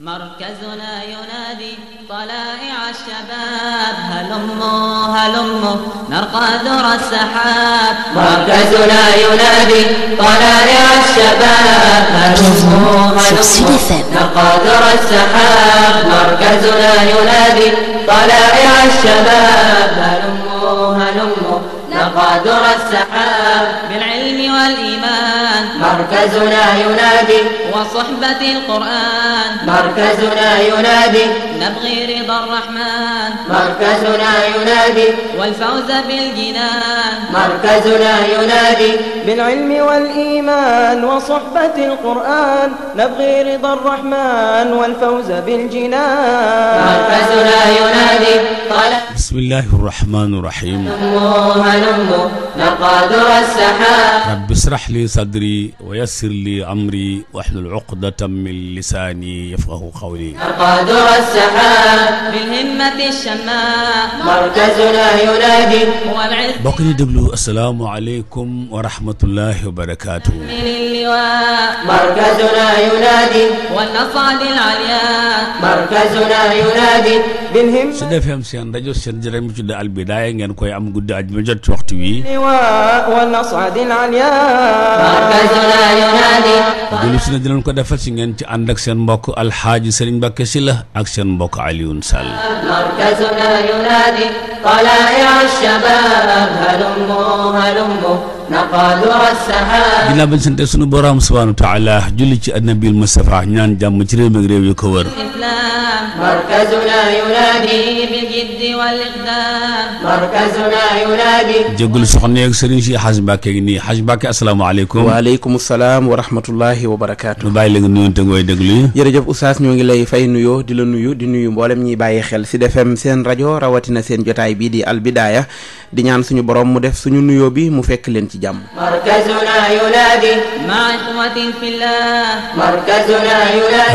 مركزنا ينادي طلائع الشباب هلموا هلموا نرقى ذرى السحاب مركزنا ينادي طلائع الشباب هلموا هلموا نرقى ذرى السحاب مركزنا ينادي طلائع الشباب هلموا هلموا نرقى ذرى السحاب بالعلم والإيمان مركزنا ينادي وصحبة القرآن مركزنا ينادي نبغي رضا الرحمن مركزنا ينادي والفوز بالجنان مركزنا ينادي بالعلم والإيمان وصحبة القرآن نبغي رضا الرحمن والفوز بالجنان مركزنا ينادي بسم الله الرحمن الرحيم هلموا نقادر السحاب رب اشرح لي صدري ويسر لي أمري واحلل uqdatan min lisaani yafqahu qawli qadra as-sahab bil himmati ash-shamaa markazuna yunaadi bokk ni déglu asalaamu aleykum wa rahmatullahi wa barakaatuh markazuna yunaadi wa nafa lil alya markazuna yunaadi bihim su defeem seen rajo seen jërëm bi tudde albidaaya ngeen koy am guddi aj ma jot ci waxtu wi wa nasadil alia dulu si na dinañ ko defal si ngeen ci ànd ak seen mbokk alxaaji Sëriñ Mbàkke Sylla ak seen mbokk Alioune Sall markazuna yunadi talaa shabab halummu ginnaaw bañ sante suñu borom subhaanahu wa taala julli ci annabil Mustafa ñaan jàmm ci réew mi ak réew yu ko wër jéggul soxna yeeg sëriñ si xaj Mbàkke ngi nii xaj Mbàkke asalaamaaleykum waaleykum salaam wa rahmatullahi bàyyi la nga nuyoon te ngay déglu jërëjëf oustaz ñoo ngi lay fay nuyoo di nuyu di nuyu mboolem ñiy bàyyi xel Sud FM seen rajo rawatina seen jotaay bii di Al di ñaan suñu borom mu def suñu nuyoo bi mu fekk leen ci ci jàmm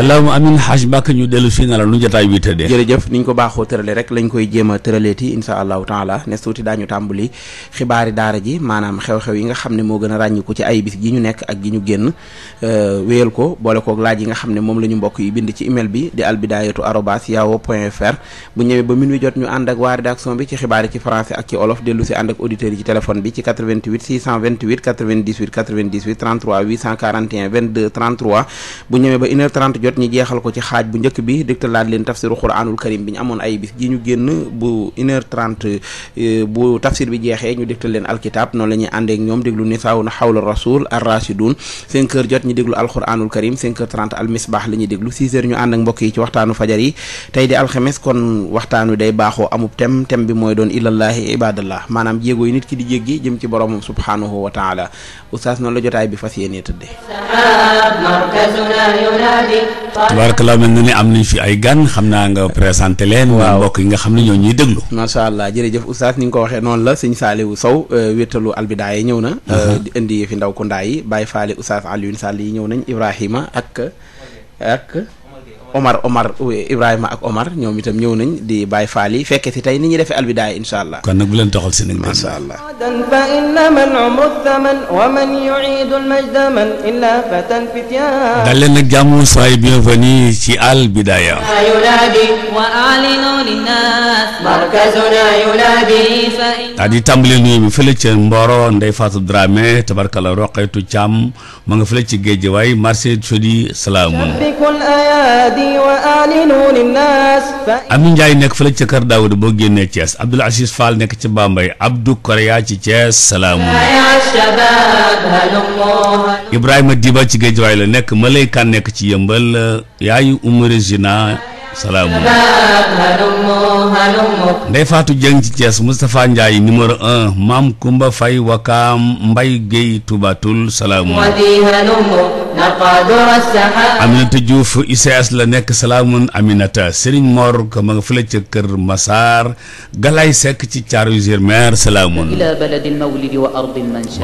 allahuma amin xaaj bàkk ñu dellu si na la nu jataay bi tëddee jërëjëf niñ ko baaxoo tërale rek lañ koy jéem a tëraleeti insha allahu taala ne suuti daañu tàmbali xibaari daara ji maanaam xew-xew yi nga xam ne moo gën a ràññiku ci ay bis gi ñu nekk ak gi ñu génn euh, wéyal ko boole koog laaj yi nga xam ne moom la ñu mbokk yi bind ci email bi di albidayatu arobas yahoo point fr bu ñëwee ba minuit jot ñu ànd ak waa rédaction bi ci xibaar yi ci français ak ci olof dellu 828 98 98 33 841 22 ñu jeexal ko ci xaaj bu njëkk bi dégtalaat leen tafsiru bi ñu amoon ay bis euh, waxtaanu day baaxoo amub tem tem bi mooy doon ilallahi maanaam jéego yi nit ki di jéggi jëm ci boromam subhaanahu subhaanahu wa taala oustaz noonu la jotaay bi fas yéenee tëddee tubaarakalaa mel na ni am nañ fi ay gan xam naa nga présenté leen waaw mbokk yi nga xam ne ñoo ñuy déglu macha allah jërëjëf oustaz ni nga ko waxee noonu la sëñ Saliou Sow euh, wéttalu albidaay ñëw na euh, uh-huh. di indi fi ndaw ku ndaa yi bàyyi faale oustaz Alioune Sall yi ñëw nañ Ibrahima ak ak Omar Omar Ibrahima ak Omar ñoom itam ñëw nañ di bàyyi faal yi fekke si tey ni ñuy defee albidaaya incha allah. kon nag bu leen taxal seen ma sha allah. fa inna man umru thaman wa man yu'idu al-majda man illa fatan fityan. daal leen nag jàmm soyez bienvenue ci albidaaya. daal di tàmbali nuyu bi fële ca Mboro Ndeye Fatou Dramé tabarkala Roqaytu Thiam ma nga fële ci géej waay marché Sodi salaamun. Ami Ndiaye nekk fële ca Kër Daawud boo génnee Thiès Abdoul Aziz Fall nekk ca Bambey Abdou Korea ci Thiès salaamu Ibrahima Diba ci Géejawaay la nekk Malay Kan nekk ci Yëmbal yaayu Umu Regina salaamu ndey faatu jëng ci Thiès Moustapha Ndiaye numéro maam Kumba Fay Wakaam Mbay Géy Tubatul salaamu Aminata Diouf ICS la nekk salaamun Aminata Serigne Mor ka ma nga fële ca Kër Masaar Galaay Sekk ci Thiaroye sur Mer salaamun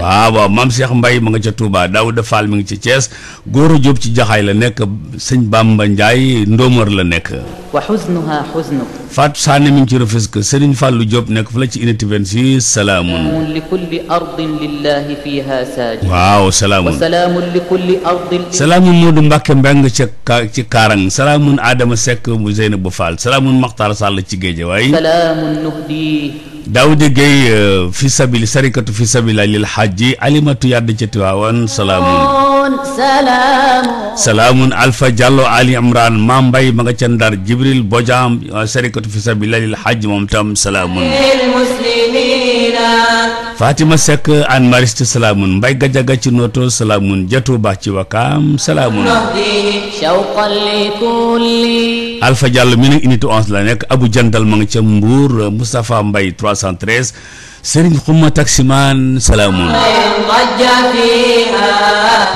waaw waaw maam Cheikh Mbay ma nga ca Touba Daouda Fall mi ngi ci Thiès Góora Jóob ci Jaxaay la nekk sëñ Bamba Ndiaye Ndóomar la nekk wa xusnuha xusnuk Fatou ci Rufisque Serigne Fallou Diop nekk fa ci unité 26 salaamun li kulli ardin lillahi fiha saajid waaw salaamun salaamun li kulli ardin salaamun Modou Mbacke Mbeng ca ci Kaarang salaamun Adama Seck mu Zeynab Fall salaamun Makhtar Sall ci Géeja waaye salaamun nuhdi Daawuda Gueye euh, fi sabili sarikatu fi sabila lil hajji alimatu yadd ca Tiwaawan salaamun oh, salaamun alfa Diallo Ali Imran Maam Mbay ma nga ca Ndar Jibril Bojaam sarikatu fi sabilillahil hajj moom tam salaamun Fatima Seck an Mariste salaamun Mbay Gajaga ci Noto salaamun Jatu Ba ci Wakaam salaamun alfa Diallo mi nag unité 11 la nekk Abu Jandal ma nga ca Mbuur Moustapha Mbay 313 sëriñ xumma taximaan salaamun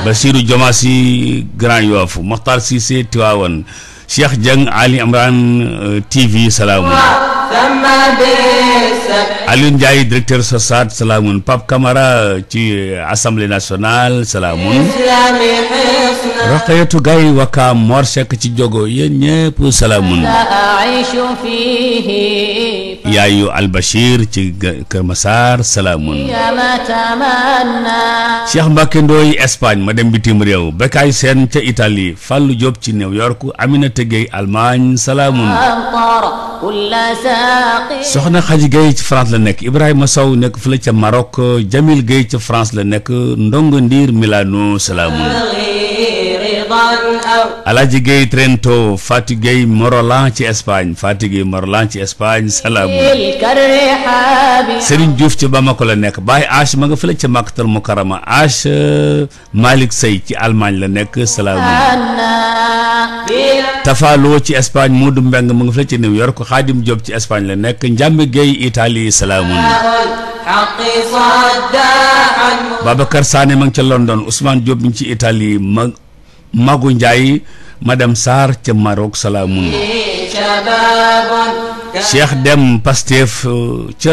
Basiiru Jomaas si Grand Yoff Maxtaar Siise Tiwaawan Cheikh Dieng Ali Imran euh, TV salaamun Aliou Ndiaye directeur SOSAT salaamun Pape Camara euh, ci euh, assemblée la salaamun Raqayatu Gaye Wakaam Mor Seck ci jogo yéen ñëpp salaamun yaayu Albachir ci Espagne ma dem bitim Bekay Sène ca Italie Fallou Diop ci New York tëggee Allemagne salaamun soxna Xaji Gueye ci France la nekk Ibrahima Sow nekk fële ca Maroc Jamil Gueye ca France la nekk Ndongo Ndiir Milano salaamun Alaaji Gueye Trento Fatou Gueye Morolan ci Espagne Fatou Gueye Morolan ci Espagne salaamu Serigne Diouf ci Bamako la nekk Baye Ash ma nga fële ca Makkatal Mukarrama Ash Malick Sey ci Allemagne la nekk salaamu tafaaloo ci Espagne Moodu Mbeng mu nga fa ci New York Xaadim jóob ci Espagne la nekk Njàmbi Guèye Italie salaamun Babacar Sané ma ngi ca London Ousmane Diop mi ngi ci Italie ma Magu Ndiaye madame Sarr ca Maroc salaamun Cheikh Dem Pastef euh, ca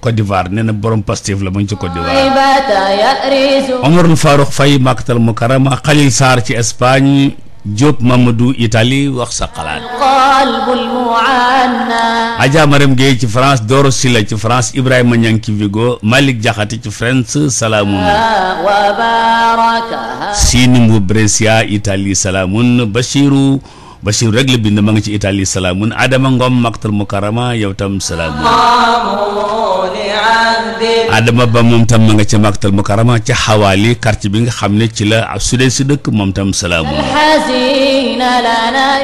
Côte d'Ivoire nee na borom Pastef la mu ngi ci Côte d'Ivoire Omarul Farouk Faye Makkatal Mukarama Khalil Sarr ci Espagne Diop Mamadou Italie wax sa xalaat Adja Marème Gueye ci France Doro Silla ci France Ibrahima Niang ci Vigo Malick Diakhaté ci France salaamun Sini Mbu Brescia Italie salaamun Bachirou Bachir rek la bind ma nga ci Italie salaamun Adama Ngom Maktal Mukarama yow tam salaamun Adama ba moom tam ma nga ca Maktal Mukarama ca xawaali quartier bi nga xam ne ci la su si dëkk moom tam salaamun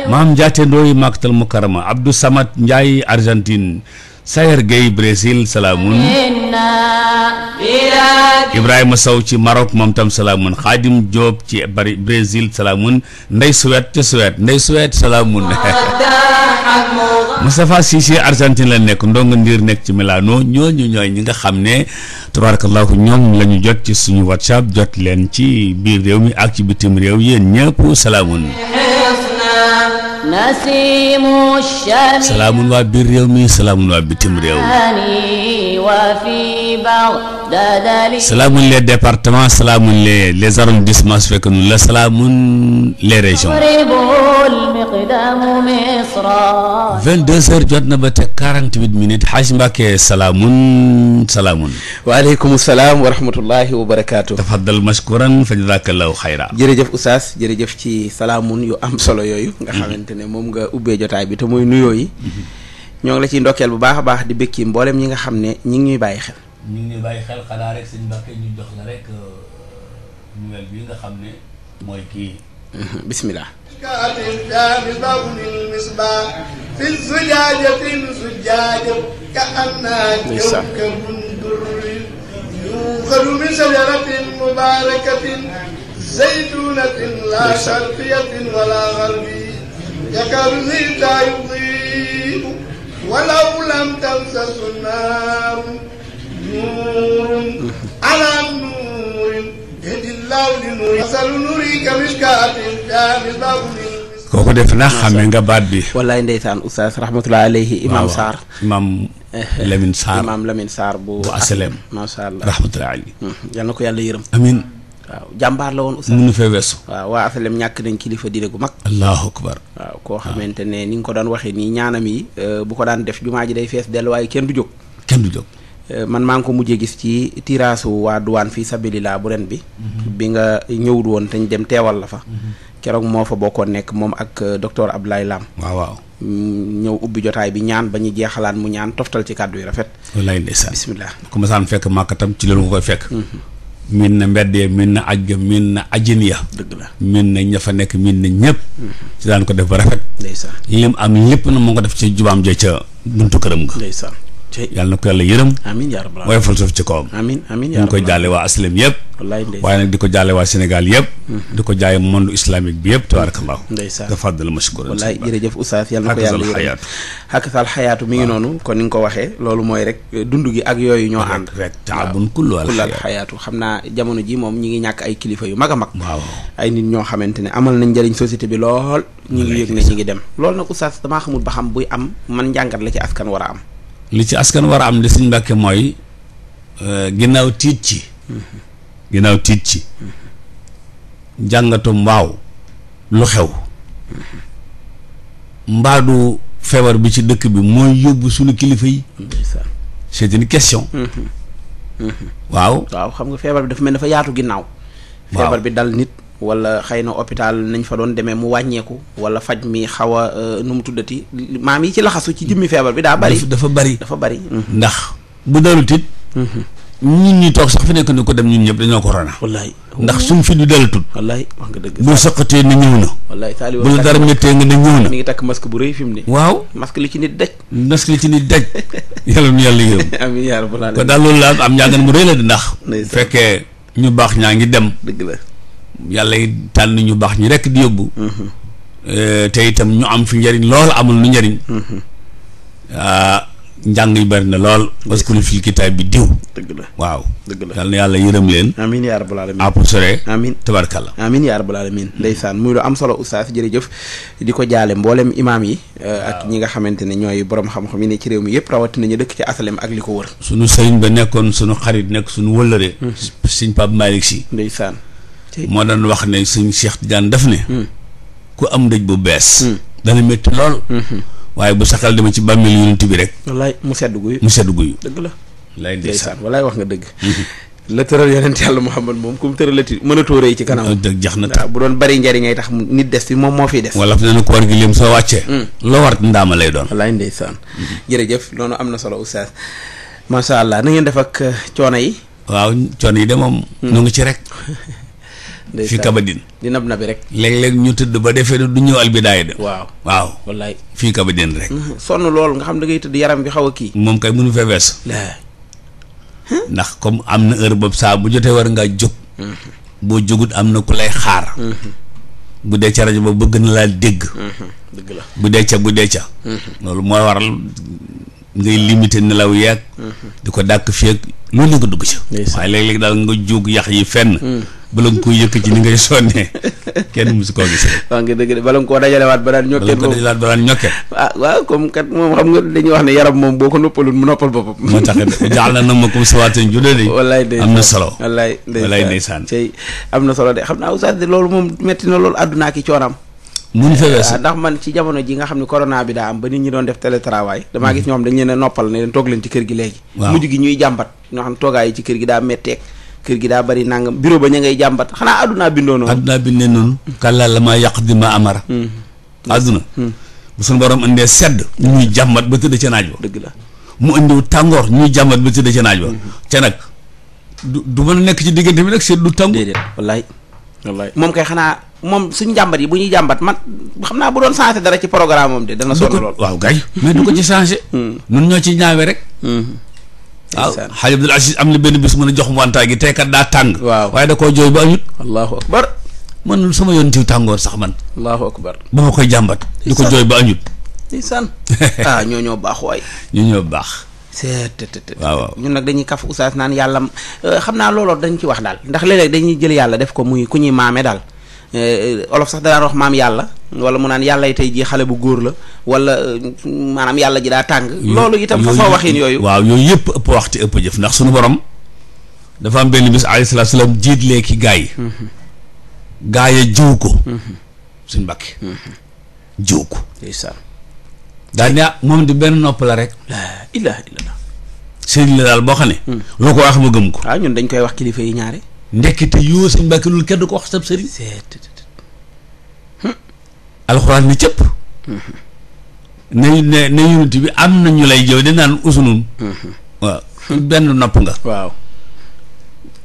maam Njaate Ndooy Maktal Mukarama Abdou Samad Njaay Argentine Sayer Gueye Brésil salaamun Ibrahima Sow ci Maroc moom tam salaamun Xaadim Diop ci bari salaamun Ndey Suwet ca Suwet Ndey Suwet salaamun Moustapha Cissé Argentine la nekk ndong ndiir nekk ci Milano ñooñu ñooy ñi nga xam ne tabarakallahu ñoom lañu jot ci suñu WhatsApp jot leen ci biir réew mi ak ci bitim réew yéen ñëpp salaamun nasimu shami salaamun waa biir réew mi salaamun waa bitim réew mi salaamun les départements salaamun les les arrondissements su fekk nu la salaamun les régions 22 heures jot na ba teg 48 minutes xaaj Mbàkke salaamun salaamun waaleykum salaam wa rahmatullahi wa barakaatu tafaddal mashkuran fa jazaakallahu xayra jërëjëf Oustaz jërëjëf ci salaamun yu am solo yooyu nga xamante ne moom nga ubbee jotaay bi te muy nuyoo yi. ñoo ngi la ciy ndokkeel bu baax a baax di bëkki mboolem ñi nga xam ne ñi ngi ñuy bàyyi xel. ñi ngi ñuy bàyyi xel xanaa rek sëñ Mbacke ñu jox la rek euh, nouvelle bi nga xam ne mooy kii. bismillah. يؤخذ من شجرة مباركة زيتونة لا شرقية ككرز لا يضيء ولو لم تمسس النار نور على نور يهدي الله لنور مثل نورك مشكاة كامل باب kooku def naa xàmme nga baat bi. wallaay ndeysaan oustaz rahmatulah aleyhi. imaam Sarr imaam eh, Lamine Sarr imaam Lamine Sarr bu. bu asalem macha allah rahmatulah aleyhi. Hmm, yal na ko yàlla yërëm. amiin. waaw jàmbaar la woon Oustaz. mënu fee weesu. waaw waa Asalem ñàkk nañ kilifa diine gu mag. allahu akbar. waaw koo ah. xamante ne ni nga ko daan waxee nii ñaanam yi euh, bu ko daan def jumaa ji day fees dellu waaye kenn du jóg. kenn du jóg. Euh, man maa ngi ko mujjee gis ci tiiraasu waa duwaan fii sabilillah bu ren bi. Mhm. bi nga ñëwut woon te ñu dem teewal la fa. Mhm. keroog moo fa bokkoon nekk moom ak euh, docteur Abdoulaye Lam. waaw waaw. Mm, ñëw ubbi jotaay bi ñaan ba ñu jeexalaat mu ñaan toftal ci kàddu yi rafet. wallaay ndeysaan bisimilah. ku ma saan fekk màkkatam ci loolu nga koy fekk. Mhm. min na mbedd ya min na aj ga min na ajin ya min na ña fa nekk min na ñëpp mm-hmm. ci daan ko def ba rafet lim am lépp na moo ko def ci jubaam ja ca buntu këram ga yàlla na ko yàlla yërëm amiin yaa rabbal waaye ci kawam amiin amiin yaa koy jaale waa aslem yëpp wallaay ndeysaan waaye nag di ko jaale waa Sénégal yëpp mhm. di ko jaaye monde islamique bi yëpp tabaarakallahu ndeysaan tafaddal mashkuran wallaay jërëjëf ngi noonu kon ni nga ko waxee loolu mooy rek eh, dund gi ak yooyu ñoo ànd rek taabun kullu al xayaatu xam naa jamono ji moom ñi ngi ñàkk ay kilifa yu mag a mag waaw ay nit ñoo xamante ne amal nañ njëriñ société bi lool ñu ngi yëg ne ñi ngi dem loolu nag oustaz damaa xamul ba xam buy am man njàngat la ci askan war am li ci askan war a am li Sëñ Mbàkke mooy euh, ginnaaw tiit ci mm-hmm. ginnaaw tiit ci mm-hmm. jàngatu waaw lu xew mm-hmm. mbaadu feebar bi ci dëkk bi mooy yóbbu suñu kilifa yi c'est une question waaw waaw xam nga feebar bi dafa mel fa yaatu ginnaaw feebar bi dal nit wala xëy na hôpital nañ fa doon demee mu wàññeeku wala faj mi xaw a euh, nu mu tuddati maam yi ci laxasu ci jëmmi feebar bi daa bari dafa bari dafa bari mm-hmm. ndax bu dalul tit mm-hmm. ñun ñuy toog sax fi nekk ni ko dem ñun ñëpp dañoo corona wallaay ndax suñ fi du dalatul wallaay wax nga dëgg boo saqatee na ñëw na wallaay taali bu la dara méttee na ñëw na mi ngi takk bu rëy fi mu ne waaw masque li li ci nit daj yàlla nu yàlla yërëm amiin daal loolu la am ñaagan mu rëy la di ndax fekkee ñu baax ñaa ngi dem dëgg la yàlla yi tànn ñu baax ñi rekk di yóbbu mm-hmm. eh, te itam ñu am fi njariñ lool amul nu njariñ mm-hmm. ah, njàng yi bari na lool waskul fii kitaab bi diw dëgg la waaw dëgg la yàlla yërëm leen amin yaa rabbal alamin àpp sore amin tabarkalla amin yaa rabbal alamin mm-hmm. ndeysaan muy lu am solo oustaz jërëjëf di ko jaale mbooleem imaam yi eh, ak ñi nga xamante ne ñooy borom xam-xam yi ne ci réew mi yëpp rawatina ñu dëkk ci asalem ak li ko wër sunu sëriñ ba nekkoon sunu xarit nekk sunu wëllëre sëñ Pape Malick si moo daan wax ne suñ Cheikh Tidiane daf ne hmm. ku am dëj bu bees hmm. dana métti lool hmm, waaye bu saxal dama ci bàmmeel yonent bi rek wallaay mu sedd guyu mu sedd guyu dëgg la wallaay ndeysaan wallaay wax nga dëgg la tëral yonent yàlla Muhammad moom ku mu tëralati mën a tóoree ci kanam ah, dëgg jax na bu doon bari njariñay tax nit des fi moom moo fiy des wala fi nana ko gi léem soo wàccee loo war ndaama lay doon wallaay ndeysaan jërëjëf loolu am na solo oustaz macha allah na ngeen def ak eh, coono yi waaw coono yi de moom nu ngi ci rek fi kabadin di nab nabi rek léeg-léeg ñu tëdd ba defee du ñëw albidaay de waaw waaw wallaay fii kabadin rek mm-hmm. sonn lool nga xam da ngay tëdd yaram bi xaw a kii moom kay mënu fee wees ndax comme am na heure boobu saa bu jotee war ngaa jóg mm-hmm. boo jógut am na ku lay xaar mm-hmm. bu dee ca rajo ba bëgg na laa dégg dëgg la bu dee ca bu dee ca loolu mooy waral ngay limité nelaw yeeg di ko dàkk fii ak loolu nga dugg ca waaye léeg-léeg daal nga jóg yax yi fenn mm. bala nga koy yëkk ci ni ngay sonnee kenn musu koo gis rek. waaw nga dëgg de bala nga koo dajalewaat ba daan ñokkee. bala ah, waaw comme kat moom xam nga dañuy wax ne yaram moom boo ko noppalul mu noppal boppam. moo tax jaaxal na nag ma comme sa waatee juddee. wallaay ndeysaan am na solo. wallaay ndeysaan am na solo de xam naa oustaz de loolu moom metti na loolu àdduna ak i coonam. mun fa weesu ah, ndax man ci jamono ji nga xam ne corona bi daa am ba nit ñi doon def télétravail damaa gis ñoom dañ leen a noppal ne leen toog leen ci gi léegi mujj gi ñuy jàmbat ñoo xam ne toogaay yi gi daa metteek kër gi daa bari nangam bureau ba ña ngay jàmbat xanaa àdduna bindoo noonu. àdduna bindee noonu. kàllaa la maa yàq di ma amara. Hmm. àdduna. Hmm. bu suñ borom indee sedd. ñuy jàmbat ba tëdd ca naaj ba. la mu indiw tàngoor ñuy jàmbat ba tëdd ca hmm. te nag du du nekk ci diggante bi nag sedd du tàngoor. déedéet moom kay xanaa moom suñ jàmbat yi bu ñuy jàmbat man xam naa bu doon changé dara ci programme de dana sonn lool. waaw gay mais du ko ci changé. nun ñoo ci ñaawe rek. waaw xaaj Abdul Aziz am na benn bis mën a jox mu wantaay gi teekat daa tàng waaw waaye da koo jooy ba añut allahu akbar man sama yoon ci tàngoor sax man allahu akbar ba ma koy jàmbat di ko jooy ba añut ndeysaan ah ñoo ñoo baax waay ñoo ñoo baax seet waaw ñun nag dañuy kaf oustaz naan yàlla euh, xam naa looloo dañ ci wax daal ndax leen léeg dañuy jël yàlla def ko muy ku ñuy maame daal Eh, olof sax danaan wax maam yàlla wala mu naan yàlla tey jii xale bu góor la wala eh, maanaam yàlla ji daa tàng loolu itam façon waxin yooyu waaw yooyu yëpp ëpp wax te ëpp jëf ndax suñu borom dafa am benn bis alayhi salaatu salaam jiitlee ki gaa yi mm-hmm. gaa yi jiw ko mm-hmm. suñ mbàkke mm-hmm. jiw ko daal ne ah, moom di benn nopp la rek la la daal boo xam ne mm. loo ko wax ma gëm ko waaw ah, ñun dañ koy wax kilifa yi ñaare ndekkite yoo sëñ Mbàkke loolu kenn du ko wax sab alxuraan ni cëpp nañu ne ne unité bi am na ñu lay jëw di naan usunun waaw benn nopp nga waaw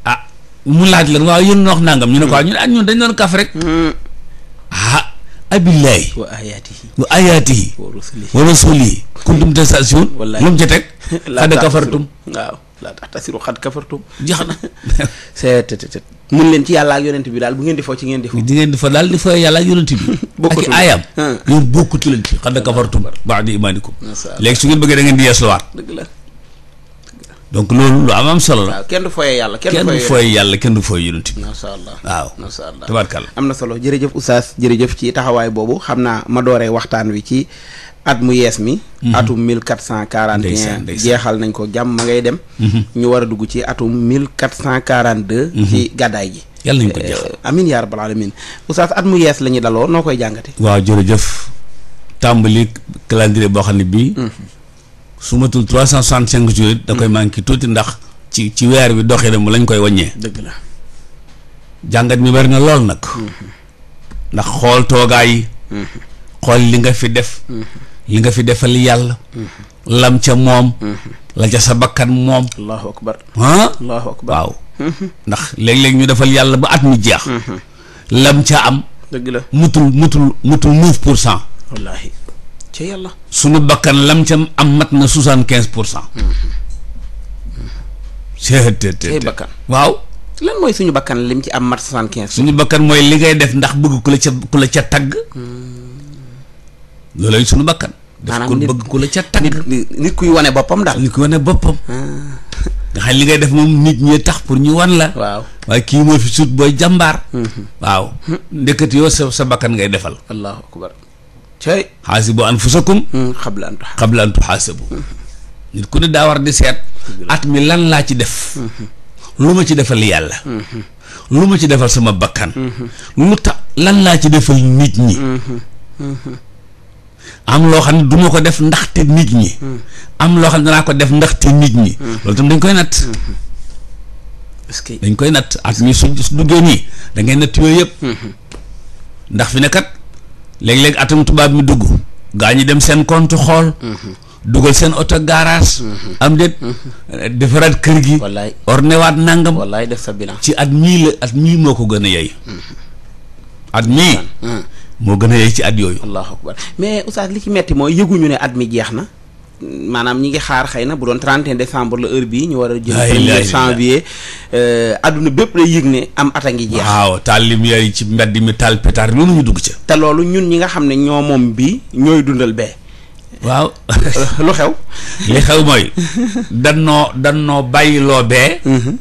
ah mu laaj lan waaw yéen wax nangam ñu ne ko ah, ñu ne ak ah, ñun dañ doon kaf rek ah abillahi wa ayatihi wa ayatihi wa rusulihi kuntum tasasuun lu mu ca teg xad kafartum laa tax tasiru xat kafartum jeex na seet seet mën leen ci yàlla ak yonent bi daal bu ngeen di fo ci ngeen di fo di ngeen di fa daal di fa yàlla ak yonent bi ak i aayam ah. yéen bokkutu leen ci xad kafartum ba'da imaanikum léegi su ngeen bëggee da ngeen di yeesluwaat dëgg la donc loolu lu am am solo la. waaw kenn du fooyee yàlla kenn du fooyee yàlla kenn du fooyee yonent bi. macha allah waaw macha allah tabarkalla am na solo jërëjëf oustaz jërëjëf ci taxawaay boobu xam naa ma dooree waxtaan wi ci at mu yees mi mhm. atum mille quatre cent quarante et un jeexal nañ ko jàmm ma ngay dem mhm. ñu war a dugg ci atum mille quatre cent quarante de mhm. ci gàddaay gi yàlla nañ ko eh, jeexal amin yaa at mu yees la ñu daloo noo koy jàngate waaw jëf tàmbali calendrier boo xam ne bii sumatul matul trois cent soixante cinq jours da koy manqué tuuti ndax ci ci weer bi doxee mu lañ koy waññee dëgg la jàngat mi bari na lool nag ndax xool toogaay xool li nga fi def li nga fi defal yàlla lam ca moom la ca sa bakkan moom allahu akbar waaw mm-hmm. ndax léeg-léeg ñu defal yàlla ba at mu jeex mm-hmm. lam ca am dëgg la mutul mutul mutul neuf pour cent wallaahi ca yàlla suñu bakkan lam ca am mat na soixante quinze pour cent mm-hmm. seet bakkan waaw lan mooy suñu bakkan lim ci am mat soixante suñu bakkan mooy li ngay def ndax bëgg ku la ca ku la ca tagg mm. loolay suñu bakkan maanaam nit bëgg ku la ca tagg nit kuy wane boppam daal. nit kuy wane boppam. Ah. nga xam ngay def moom nit ñi tax pour ñu wan la. waaw waaye kii moo fi sut booy jàmbaar. Mhm. waaw mhm. ndekete yoo sa bakkan ngay defal. allahu akbar. cay xaasibu anfusakum. Mhm. qabla an tuxaasabu qabla an nit ku ne daa war di seet. at mi lan laa ci def. lu ma ci defal yàlla. lu ma ci defal sama bakkan. lu tax lan laa ci defal nit ñi. am loo xam ne du ma ko def ndax ndaxte nit ñi hmm. am loo xam ne danaa ko def ndax te nit ñi hmm. loolu tam dañ koy natt hmm. dañ koy natt at mi su duggee nii da ngay natt yooyu yëpp ndax fi ne kat léeg-léeg atum tubaab mi dugg gaa ñi dem seen compte xool dugal seen oto garage am déet defaraat kër gi wallaay ornewaat nangam def sa bilan ci at mii la at mii moo ko gën a yey at mii moo gën a yey ci at yooyu. allahu akbar mais oustaz li ci metti mooy yëguñu ne at mi jeex na. maanaam ñi ngi xaar xëy na bu doon 31 décembre la heure bii ñu war a jël premier janvier euh, adduna bépp lay yëg ne am at a ngi jeex waaw taal lumière yi ci mbedd mi taal pétard mu ñu dugg ca te loolu ñun ñi nga xam ne ñoo moom bi ñooy dundal bee waaw lu xew li xew mooy dannoo dannoo bàyyiloo bee mm-hmm.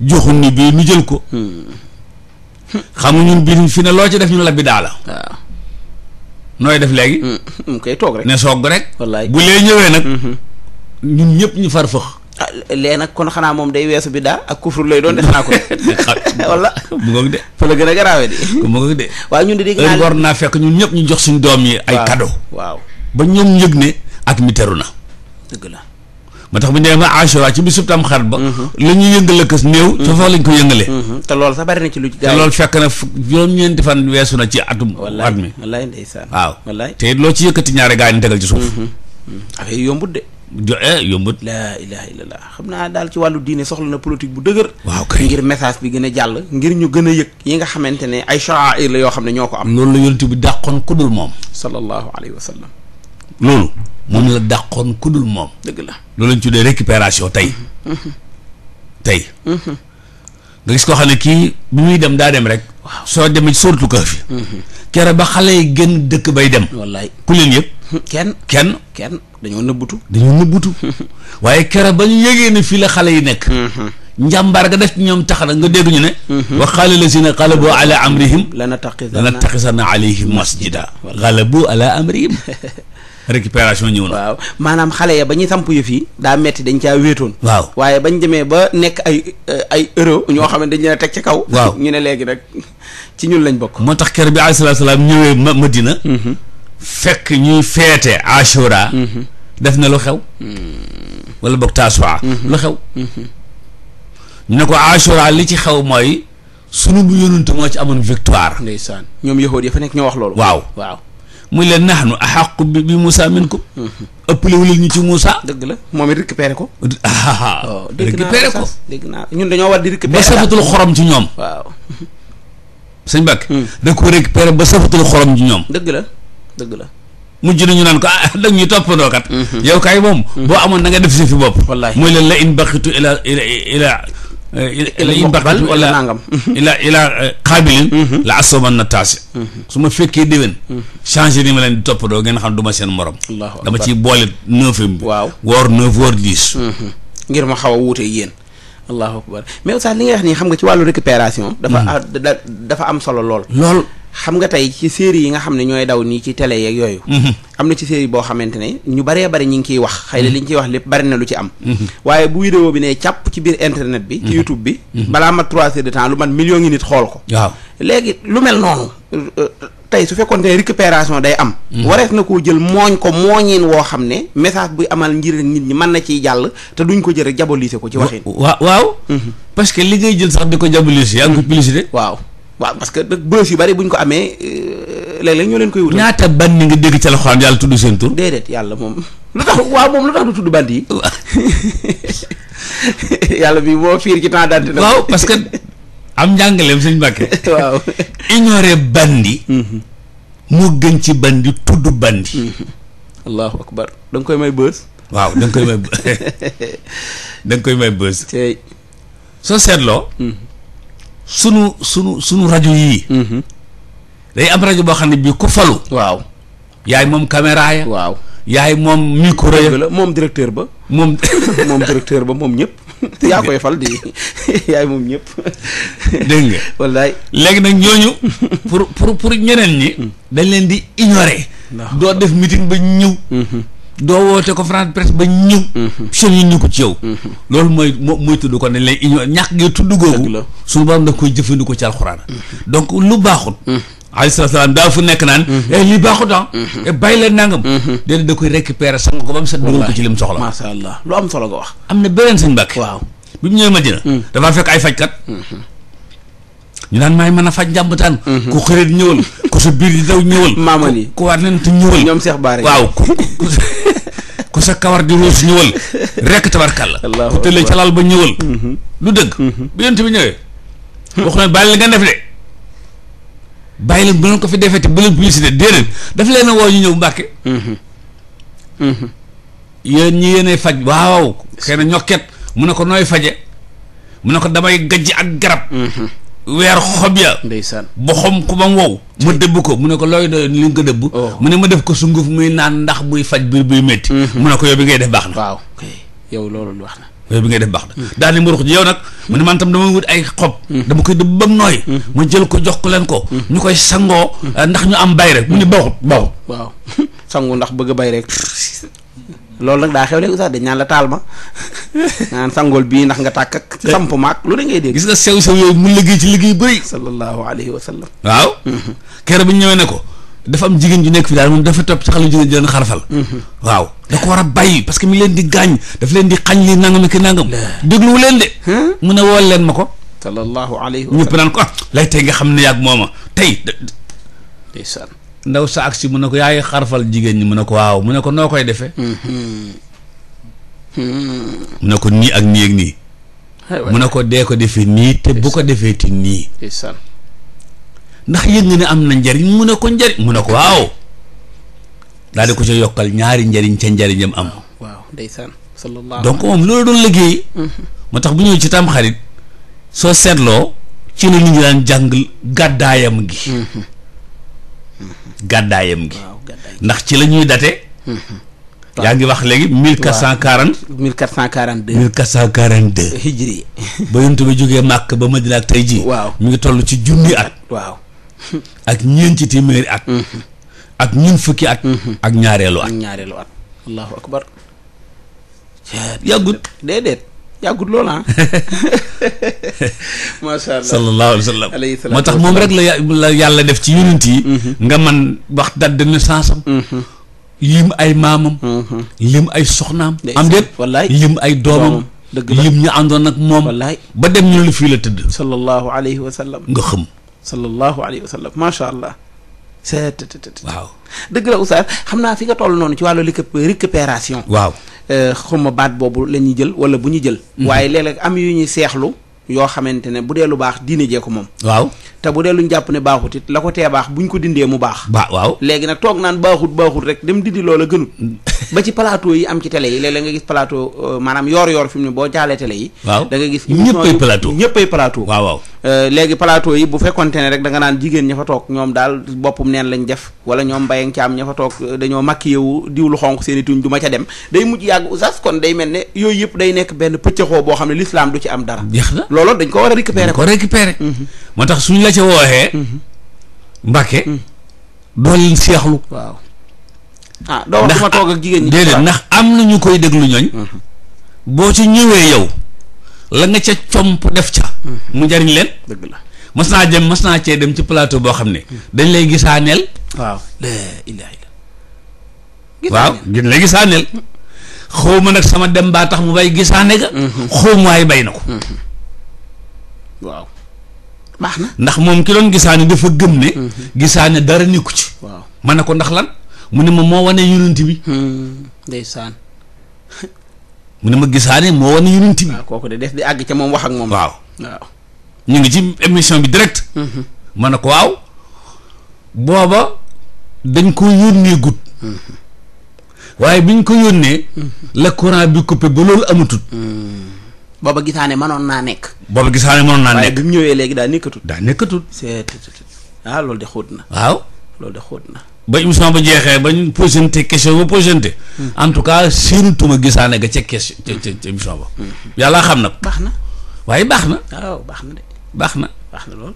joxu ni bii ñu jël ko mm. xamuñu bi fi ne loo ci def ñu la bidaa la. Ah. nooy def léegi. mu mm, mm, koy toog rek ne soog rek. wallaay bu lee ñëwee nag. Mm-hmm. ñun ñëpp ñu far fëx. ah lee nag kon xanaa moom day weesu bidaa ak kufru lay doon def naa ko. wala mu ngoog de. fa la gën a garaawee de. mu ngoog de. waaw ñun de dégg naa war naa fekk ñun ñëpp ñu jox suñu doom yi. ay cadeau waaw ba ñoom yëg ne ak mi na. la. ma tax bu ñu demee Ashura ci bisub tam xarit ba mhm. la ñuy yëngale kës néew te mhm. foofu lañ ko yëngale mhm. te loolu sa bari na ci lu te loolu fekk na juróom-ñeenti fan weesu na ci atum at mi wallaay ndeysaan waaw wallaay te loo ci yëkkati ñaari gaa yi tegal ci suuf affaire ah, yombut de jo eh, yombut xam naa daal ci wàllu diine soxla na politique bu dëgër waaw kay ngir message bi gën a jàll ngir ñu gën a yëg yi nga xamante ne ay sha'air la yoo xam ne ñoo ko am loolu la yonent bi dàqoon ku dul moom sallallahu alayhi wa sallam loolu moom la dàqoon ku dul moom. dëgg la loolu lañ tuddee récupération tey. tey. nga gis koo xam ne kii bi muy dem daa dem rek. waaw soo demee sóoratu ko fi. kere ba xale yi gën dëkk bay dem. wallaay ku leen yëpp. kenn kenn kenn dañoo nëbbutu. dañoo nëbbutu waaye kere ba ñu yëgee ne fii la xale yi nekk. njàmbaar ga def ci ñoom tax na nga dégg ñu ne. la mhm. qaala lazina galabu ala amrihim. lanattaxisanna lanattaxisanna alayhim masjida. galabu ala amrihim. récupération ñëw na waaw maanaam xale ya ba ñuy samp yëf fii daa metti dañ caa wéetoon waaw waaye bañ demee ba nekk ay eh, ay euro ñoo xam ne dañ leen teg ci kaw waaw ñu ne léegi rek ci ñun lañ bokk moo tax kër bi alayhi salaatu salaam ñëwee ma Madina mm-hmm. fekk ñuy feete Ashura mm-hmm. def na lu xew mm. wala boog Tasua mm-hmm. ko Ashura li ci xew mooy sunu bu yónantu moo ci amoon victoire ndeysaan ñoom yahood ya fa nekk ñoo wax loolu waaw waaw muy leen nahnu ahaqu bi bi Moussa ëpp ëppale wu ñu ci Moussa. dëgg la moom it récupéré ko. ah, ah, ah. Oh, récupéré ko dégg naa ñun dañoo war di récupéré ba safatul xorom ci ñoom. waaw. sëñ Bakk. Hmm. da ko récupéré ba safatul xorom ci ñoom. dëgg la dëgg la. mujj nañu naan ko ah dag ñuy toppandoo kat. Hmm. yow kay moom. Hmm. boo amoon na nga def si fi bopp. wallaay mooy leen la in baqitu ila ila ila. Eh, ila yimbaxal wala nangam ila ila xaabilin euh, mhm. la asoman na taasi mhm. su ma fekkee déwén mhm. changé ni ma leen di toppatoo ngeen xam du ma seen morom dama ciy boole neuvième bi waaw woor neuf woor dix ngir ma xaw a wuute yéen allahu akbar mais sax li nga wax nii xam nga ci wàllu récupération dafa dafa am solo lool lool xam nga tey ci série yi nga xam ne ñooy daw nii ci tele yeeg yooyu mhm. am na ci série boo xamante ne ñu baree bari ñu ngi ciy wax xëy na mhm. li ñu ciy wax lépp bari na lu ci am mhm. waaye bu vidéo bi ne càpp ci biir internet bi ci youtube bi balaa mat trois heures de temps lu mat million ngi nit xool ko waaw léegi lu mel noonu euh, tey su fekkoon ne récupération day am warees na koo jël mooñ ko mooñeen woo xam ne message buy amal njëriñ nit ñi mën na ciy jàll te duñ ko jël rek diaboliser ko ci waxin waaw waaw parce que li jël sax di ko diaboliser yaa ngi ko waaw waaw parce que bës yu bari bu ñu ko amee euh, léeg-léeg ñoo leen koy wutal. ñaata bandi nga dégg ca la xoolal yàlla tudd seen tur. déedéet yàlla moom lu tax waaw moom lu tax du tudd bandi yi. bi boo fiir ci temps parce que am njàngaleem suñ mbàkke waaw mhm. moo gën ci bandi tudd bandi mhm. allahu akbar da koy may bës waaw da koy may da nga koy may bës tey soo seetloo mhm. sunu sunu sunu rajo yii. Mm-hmm. day am rajo boo xam ne bii ku falu. waaw yaay moom caméra ya. waaw yaay moom micro ya. moom directeur ba. moom moom directeur ba moom ñëpp. yaa koy fal di yaay moom ñëpp. dégg nga. wallaay léegi nag ñooñu. pour pour pour ñeneen ñi. Mm. dañ leen di ignorer. doo def meeting ba ñëw. Mm-hmm. doo woote conférence de presse ba ñëw. chaîne mhm. yi ñu ko ci yow. Mhm. loolu mooy moo mooy tudd ko ne lay union ñàkk gi tudd googu. suñu borom da koy jëfandikoo ci alxuraan. Mhm. donc lu baaxut. alayhi salaam daa fu nekk naan. Eh, li baaxut ah. Eh, bàyyi la nangam. déedéet da koy récupérer sang ko ba mu set dugal ko ci lim soxla. macha allah lu am solo nga wax. am na beneen sëñ Mbàkke. waaw bi mu ñëwee Madina. dafaa fekk ay fajkat. ñu naan maay mën a faj njàmbataan mhm. ku xëreet ñëwal ku sa biir di daw ñëwal maaman yi ku war leen ñëwal waaw ku sa kawar di ruus ñëwal rekk tabarkàlla ku tëllee ca ba ñëwal mhm. lu dëgg mhm. bi yonent bi ñëwee waxu ne bàyyi leen def de bàyyi bu leen ko fi defee te bu leen publicité déedéet daf leen a woo ñëw Mbàkke yéen ñi yéenay faj waaw xëy na ñokket mu ne ko nooy faje mu ne ko damay gajj ak garab weer xob ya ndeysaan boxom ku bam wow ma dëbb ko mu ne ko looy do li nga ko dëbb oh. mu ne ma def ko sunguf muy naan ndax muy faj biir buy métti mm-hmm. mu ne ko yow bi ngay def baax na waaw yow loolu wax bi ngay def baax na mm. daal ni ma rux ji yow nag mu ne man tam dama wut ay xob mm. dama koy dëbb bam nooy mm. ma jël ko jox ko leen ko ñu koy sangoo ndax ñu am bay rek mu ne bawut bawut waaw ndax bëgg a bay rek loolu nag daa xew léegi sax dañ naan la taal ma naan sangool bii ndax nga tàkk ak samp maag lu ne ngay dégg gis nga sew sew yooyu mu liggéey ci liggéey bëri sallallahu alayhi wa sallam waaw mhm. keroog bi ñëwee ne ko dafa am jigéen ju nekk fi daal moom dafa topp ci xale jigéen ji leen xarfal mhm. waaw da ko war a bàyyi parce que mi leen di gaañ daf leen di xañ li nangam ki nangam dégluwu leen de mu ne wool leen ma ko sallallahu alayhi wa sallam ñëpp naan ko ah tey nga xam ne yàgg mooma tey ndeysaan ndaw sa agsi mu ne ko yaay xarfal jigéen ñi mu ne ko waaw mu ne ko noo koy defe mm-hmm. mu ne ko nii ak nii ak nii. mu ne ko dee ko defee nii te bu ko defee ti nii. ndax yëg nga ne am na njariñ mu ne ko njariñ mu ne ko waaw. daal di ko ca yokkal ñaari njariñ ca njariñam am. waaw ndeysaan sallallahu donc moom loolu doon liggéey. Mm-hmm. moo tax bu ñëw ci tam xarit soo seetloo ci la ñu daan jàng gàddaayam gi. Mm-hmm. gàddaayam gi ndax ci la ñuy date mm-hmm. yaa ngi wax léegi mille quatre cent quarante mille quatre cent quarante deux mille quatre cent quarante ba yonent bi jógee màkk ba Madina ak tey ji waaw mi ngi toll ci junni at waaw ak ñeenti téeméeri at mm-hmm. ak ñun fukki at mm-hmm. ak ñaareelu at ñaareelu at yàggut yàggut lool ah. macha allah sallallahu alayhi moo tax moom rek la la yàlla def ci yonent yi. Mm-hmm. nga man wax date de naissance am. Mm-hmm. lim ay maamam. Mm-hmm. lim ay soxnaam. am déet wallaay lim ay doomam. dëgg la lim ñu àndoon ak moom. wallaay ba dem ñu la fii la tëdd. sallallahu alayhi wa sallam. nga xam. sallallahu alayhi macha allah. waaw dëgg la oustaz xam naa fi nga toll noonu ci wàllu récupération waaw euh, xuma baat boobu la ñuy jël wala bu ñu jël mhm. waaye léeg-léeg am yu ñuy seexlu yoo xamante ne bu dee lu baax diine jee ko moom waaw te bu dee luñ jàpp ne baaxut it la ko tee baax buñ ko dindee mu baax ba waaw léegi nag toog naan baaxut baaxut rek dem dindi loola gënut ba ci plateau yi am ci télé yi léeg-léeg nga gis plateau euh, maanaam yoor ne boo euh, léegi plateau yi bu fekkonte rek da nga naan jigéen ña fa toog ñoom daal boppum neen lañ def wala ñoom mbayeng ci am ña fa toog euh, dañoo makki yow diwlu xonq seen tuñ du ma ca dem day mujj yàgg oustaz kon day mel ne yooyu yëpp day nekk benn pëccëxoo boo xam ne l'islam du ci am dara loolu dañ ko war a la ci wooxee Mbàkke dool seexlu ah, doo wax ma toog ak jigéen ndax am na ñu koy déglu ñooñ mm-hmm. boo ci ñëwee yow la nga ca comp def ca mm-hmm. mu njariñ leen dëgg la naa jëm mës naa cee dem ci plateau boo xam ne mm-hmm. dañ lay gisaaneel waaw la ilaha illa waaw dañ lay gisaaneel xaw ma nag sama dem baa tax mu bay gisaane ga xaw mu waay bay na ko baax na ndax moom ki doon gisaane dafa gëm ne. Mhm. gisaane dara nekku ci. waaw ma ne ko ndax lan mu ne ma moo wane yonent bi. Hmm. ndeysaan. mu ne ma gisaane moo wane yonent bi. waaw kooku de des di àgg ca moom wax ak moom. waaw ñu ngi ci émission bi direct. Mhm. ma ne ko waaw. booba dañ ko yónnee gut mhm. waaye biñ ko yónnee. la courant bi coupé ba loolu amatut. Hmm. booba gisaane manoon naa nekk. booba gisaane mënoon naa nekk waaye bi mu ñëwee léegi daa nekkatut. daa nekkatut. c'est ah loolu de xóot na. waaw loolu de xóot na. ba émission ba jeexee ba ñu posante question ba posante. Hmm. en tout cas séentuma gisaane ga ca question ca ca ca émission ba. Hmm. yàlla xam na ko. baax na waaye baax na. waaw baax na de. baax na baax na lool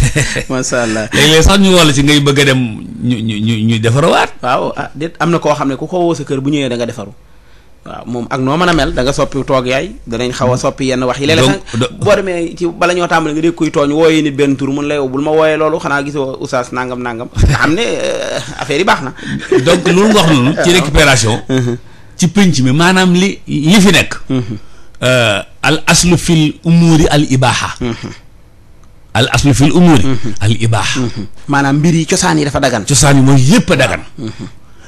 macha allah. léeg-léeg sax ñu wala ci ngay bëgg a dem ñu ñu ñuy ñu defarawaat. waaw ah déet am na koo xam ne ku ko woo sa kër bu ñëwee danga defaru. waaw moom ak noo mën a mel da nga soppi toog yaay danañ xaw a hmm. soppi yenn wax yi léeg-léeg sax boo demee ci bala ñoo tàmbali nga dégg kuy tooñ wooyee nit benn tur mun la yow bul ma wooyee loolu xanaa gisoo oustaz nangam nangam nga ne euh, affaire yi baax na donc loolu nga wax noonu ci récupération uh-huh. ci pénc mi maanaam li li fi nekk uh-huh. euh, al aslu fil umuuri al ibaaha uh-huh. al aslu fil umuuri al ibaaha maanaam mbir yi cosaan yi dafa dagan cosaan yi mooy yépp a dagan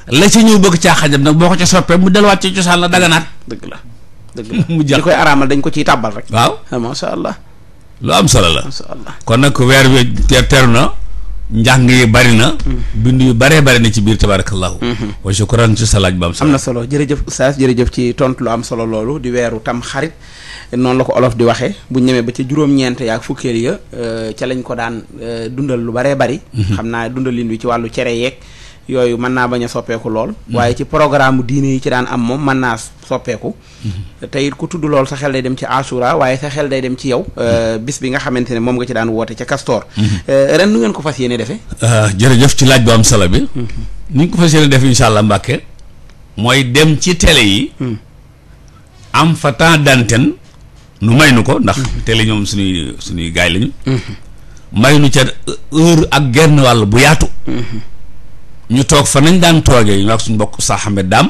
la ci ñu bëgg caa xajam nag boo ko ca soppee mu delluwaat ci cosaan la daganaat. dëgg la dëgg la mu jàpp li koy araamal dañ ko ciy tàbbal rek. waaw ah, macha allah. lu am solo la. macha allah kon nag weer wi teer teru na. njàng yi bari na. Mm-hmm. bind yu baree bari na ci biir tabarakallahu mm-hmm. wa shukran ci sa laaj ba am solo. na solo jërëjëf Oustaz jërëjëf ci tontu lu am solo loolu di weeru tam xarit noonu la ko olof di waxee bu ñemee ba ca juróom-ñeent yaag fukkeel ya euh, ca lañ ko daan euh, dundal lu baree bari. Mm-hmm. xam naa dundalin wi ci wàllu cere yeeg. yooyu mën naa bañ a soppeeku lool. Mm-hmm. waaye ci programme diine yi ci daan am moom mën naa soppeeku. Mm-hmm. te ku tudd lool sa xel day dem ci Asura waaye sa xel day dem ci yow. Mm-hmm. Euh, bis bi nga xamante ne moom nga ci daan woote ci Castor. Euh, ren nu ngeen ko fas yéene defee. Euh, jërëjëf ci laaj bi am solo bi. ni ñu ko fas yéene defee incha Mbàkke mooy dem ci télé yi. Mm. am fa temps d'antenne nu may nu ko ndax télé ñoom suñuy suñuy gaay lañu. may nu ca heure ak genn wàll bu yaatu. ñu toog fa nañ daan toogee ñu ak suñu mbokk Oustaz Ahmed Dame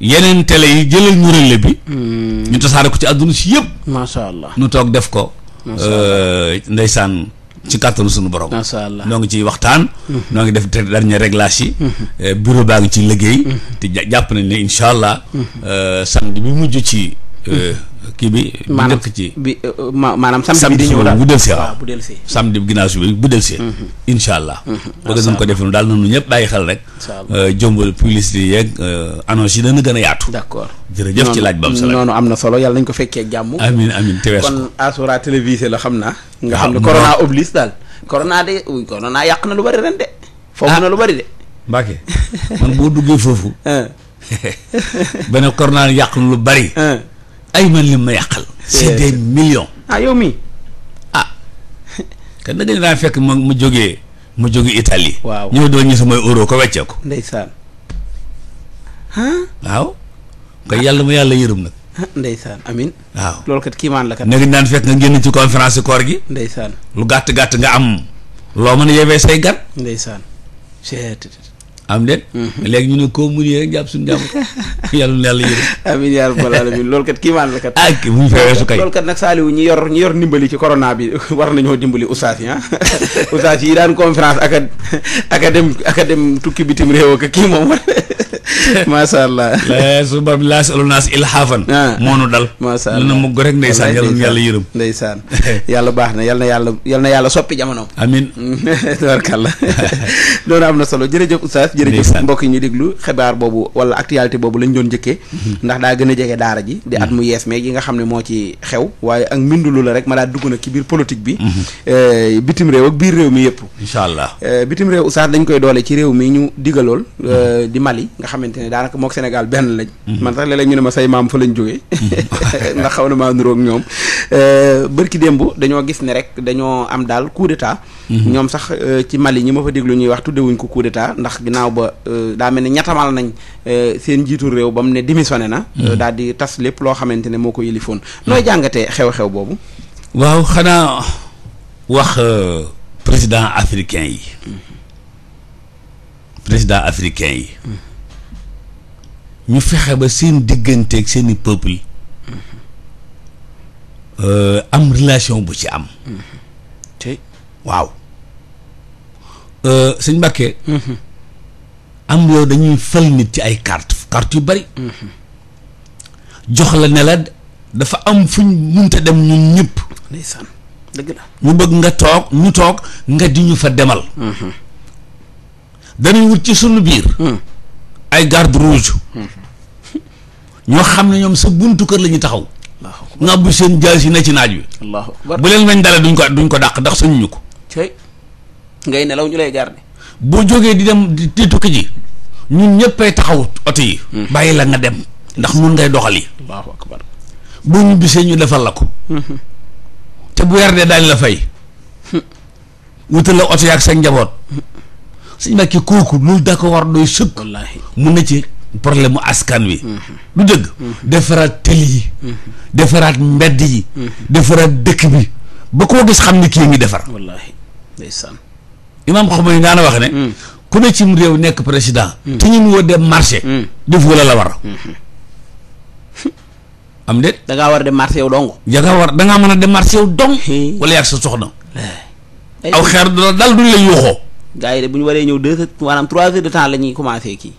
yeneen tele yi jëlal ñu relais bi mm. ñu tasaare ko ci àdduna si yëpp macha allah ñu toog def ko euh, ndeysaan ci kàttanu suñu borom macha noo ngi ciy waxtaan noo mm-hmm. ngi def dernier réglage yi mm-hmm. euh, bureau baa ngi ci liggéey te mm-hmm. jàpp na ne incha allah euh, samedi bi mujj ci Euh, kii bi. maanaam bu njëkk ci bi euh, euh, maanaam samedi bi di ñëw daal bu delsee waaw bu delsee samedi ginnaaw si bi bu delsee. Mm-hmm. incha allah. Mm-hmm. bëgg nañ ko defee daal nañu ñëpp bàyyi xel rek. jombal publicité yeeg annonce yi dana gën a yaatu. d'accord jërëjëf ci laaj ba am solo noonu am na solo yàlla nañ ko fekkee jàmm. amiin amiin te weesu ko kon Asura la xam naa. Ah, nga xam ne corona oblige daal. corona de uy corona yàq na lu bari ren de. foofu ah. na lu bari de. Mbacke man boo duggee foofu. Ah. benn corona yàq na lu bari. ay man lim ma yàqal. Eh. c'est des ah yow mii. ah kan da ngeen daa fekk ma mu jógee mu jógee Italie. waaw ñëw doon ñu samay euro ko weccee ko. ndeysaan. waaw. kon ah. yàlla ma yàlla yërëm nag. Ah, ndeysaan amin waaw loolu kat kiimaan la kat. nag naan fekk nga génn ci conférence koor gi. ndeysaan lu gàtt gàtt nga am. loo mën a yewee say gan. am déet. Mm-hmm. léegi ñu ne koo mu nii jàpp suñu na yàlla yërëm. amiin yaa la kat. ah bu ñu feewee su kay loolu kat nag Saliou ñi yor ñi yor ndimbali ci corona bi war nañoo dimbali oustaz yi ah yi daan conférence ak a dem a dem tukki bitim réew ak kii moom macha allah. su ba laa salu naas ilhaafan. Ah. moo nu dal. macha allah lu na mugg rek ndeysaan yàlla na yàlla yërëm. ndeysaan yàlla baax na yàlla na yàlla yàlla na yàlla soppi jamonoom. amiin. tabarkàlla loolu am na solo jërëjëf ñu déglu xibaar boobu wala actualité boobu lañ doon njëkkee mhm. ndax daa gën a jege daara ji di at mhm. mu yees meeg yi nga xam ne moo ci xew waaye ak mbindulu la rek ma daa dugg na ci biir politique bi mhm. eh, bitim réew ak biir mi yëpp incha allah eh, bitim réew oustaz dañ koy doole ci réew mi ñu digalool eh, di Mali nga xamante ne daanaka mook Sénégal benn lañ man sax léeg-léeg ñu ne ma say maam fa lañ jógee ndax xaw na maa nuroog ñoom bërki démb dañoo gis ne rek dañoo am daal coup d'état Mm-hmm. ñoom sax euh, ci Mali ñi ma fa déglu ñuy wax wuñ ko coup d'état ndax ginnaaw ba euh, daa mel ne ñettamal nañ euh, seen njiitu réew ba ne ne démissionné na. Mm-hmm. daal di tas lépp loo xamante ne moo ko yilifoon. nooy mm-hmm. jàngatee xew-xew boobu. waaw xanaa wax président africain yi. président africain yi. ñu fexe ba seen digganteeg seeni i peuple. am relation bu ci am. waaw. Euh, sëñ Mbàkke mhm. am réew dañuy fal nit ci ay carte carte yu bari mhm. jox la ne la dafa am fuñ munta dem ñun ñëpp ndeysaan ñu bëgg nga toog ñu toog nga di ñu fa demal mhm. danañ wut ci sunu biir ay garde rouge ñoo xam ne ñoom sa buntu kër la ñu taxaw nga bu seen jaay si na ci naaj wi bu leen mañ dale duñ ko duñ ko dàq ndax sañu ko ngay nelaw ñu lay garder. boo jógee di dem di tukki ji ñun ñëppay taxaw oto yi. Hmm. bàyyi la nga dem ndax mun ngay doxal yi. allahu boo ñu bisee ñu defal la ko. Hmm. te bu weer dee daañu la fay. Hmm. wutal la oto ak sa njaboot. suñu mbàkk kooku loolu da ko war doy sëkk. wallaahi mun ci problème mu askan wi. du dëgg. defaraat tëli yi. defaraat mbedd yi. defaraat dëkk bi ba koo gis xam ne kii ngi defar. wallaahi imam xamay daana wax ne hmm. ku ne cim réew nekk président hmm. te ñu woo dem marché hmm. def wala la war am déet dangaa war a dem marché yow dong dangaa war dangaa mën a dem marché yow dong wala yàgg sa soxna aw xeer dala dal duñ la yuuxoo gars yi de bu ñu waree ñëw deux maanaam trois heures de temps la ñuy commencé kii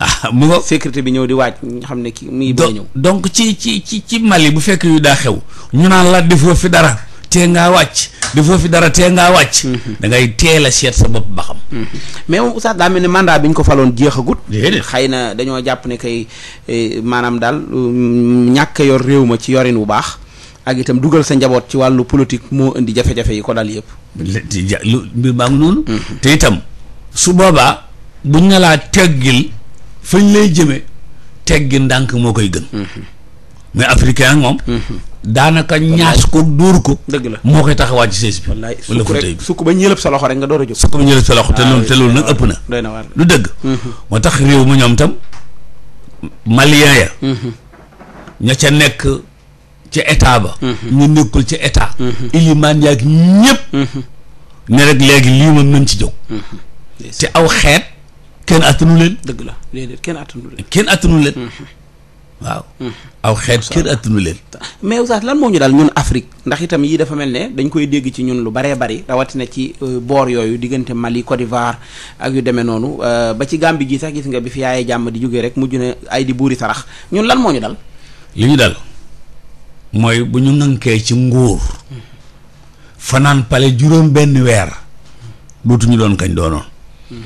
ah mu nga sécurité bi ñëw di waaj nga xam ne kii muy bëgg ñëw donc ci ci ci ci yi bu fekk yu daa xew ñu naan la def fi dara tee ngaa wàcc defoo fi dara tee ngaa wàcc mm-hmm. da ngay teel a seet sa bopp ba xam mm-hmm. mais moom oustaz daa mel ne mandat bi ñu ko faloon jeexagut xay na dañoo jàpp ne kay eh, maanaam daal mm, ñàkk yor réew ma ci yorin bu baax ak itam dugal sa njaboot ci wàllu politique moo indi jafe-jafe yi ko dal yëpp lu mbir baa ngi noonu mm-hmm. te itam su boobaa buñ ne laa teggil fañ lay jëme teggi ndànk moo koy gën mais africain moom. Mhm. daanaka ñaas ko dóor ko. dëgg la moo koy taxawaat ci sées bi. wallaay sukk rek sukk ba ñëlëb sa loxo rek nga door a jóg. sukk ba ñëlëb sa loxo te ah, loolu te loolu nag ëpp na. doy na waar du dëgg. Mhm. moo tax réew mi ñoom tam malien ya. Mhm. ña ca nekk ca état ba. ñu nekkul ca état. ilimaan yaag ñëpp. ne rek léegi lii moom nañ ci jóg. te aw xeet. kenn attanu leen. dëgg la léeg kenn attanu leen. kenn attanu leen waaw. aw xeet kër attunu leen mais oustaz lan moo ñu daal ñun Afrique ndax itam yi dafa mel ne dañ koy dégg ci ñun lu baree bari rawatina ci euh, boor yooyu diggante Mali Côte d'Ivoire ak yu demee noonu euh, ba ci Gambie gi sax gis nga bi fi yaayee jàmm di jógee rek mujj na ay di buuri sarax ñun lan moo ñu dal li ñu dal mooy bu ñu nankee ci nguur fanaan pale juróom benn weer dootuñu doon kañ doonoon mm-hmm.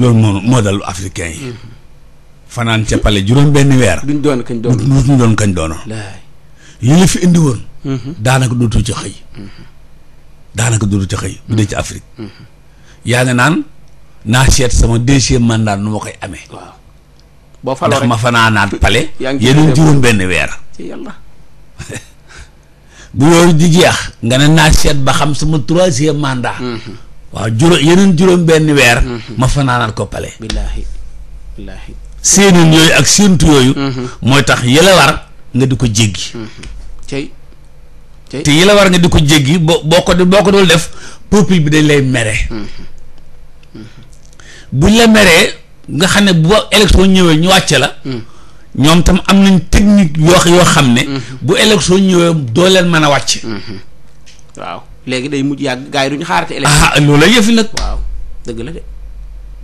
loolu moo moo dal africain yi mm-hmm. fanaan ca pale juróom-benn weer. duñ doon kañ doon duñ doon kañ doono li fi indi woon. Mhm. daanaka du ci xëy. Mhm. daanaka dootu ci xëy. bu dee ci Afrique. Mhm. yaa ngi naan naa seet sama deuxième mandat nu ma koy amee. boo faloo ndax ma fanaanaat pale. yaa ngi yeneen juróom-benn weer. bu yooyu di jeex nga ne naa seet ba xam sama troisième mandat. waaw juróom yeneen juróom-benn weer. ma fanaanaat ko pale. séenén yooyu ak séentu yooyu mhm. mooy tax yëla war nga di ko jéggi tey mhm. te yëla war nga di ko jéggi bo boo ko boo ko dul def peuple bi dañ lay mere mhm. buñ la meree nga xam ne bu élection ñëwee ñu wàcce la ñoom tam am nañ technique yoo yoo xam ne bu élection ñëwee doo leen mën a wàcce waaw léegi day mujj yàgg gars yi ñu xaarate élection ah loolu la yëfi nag dëgg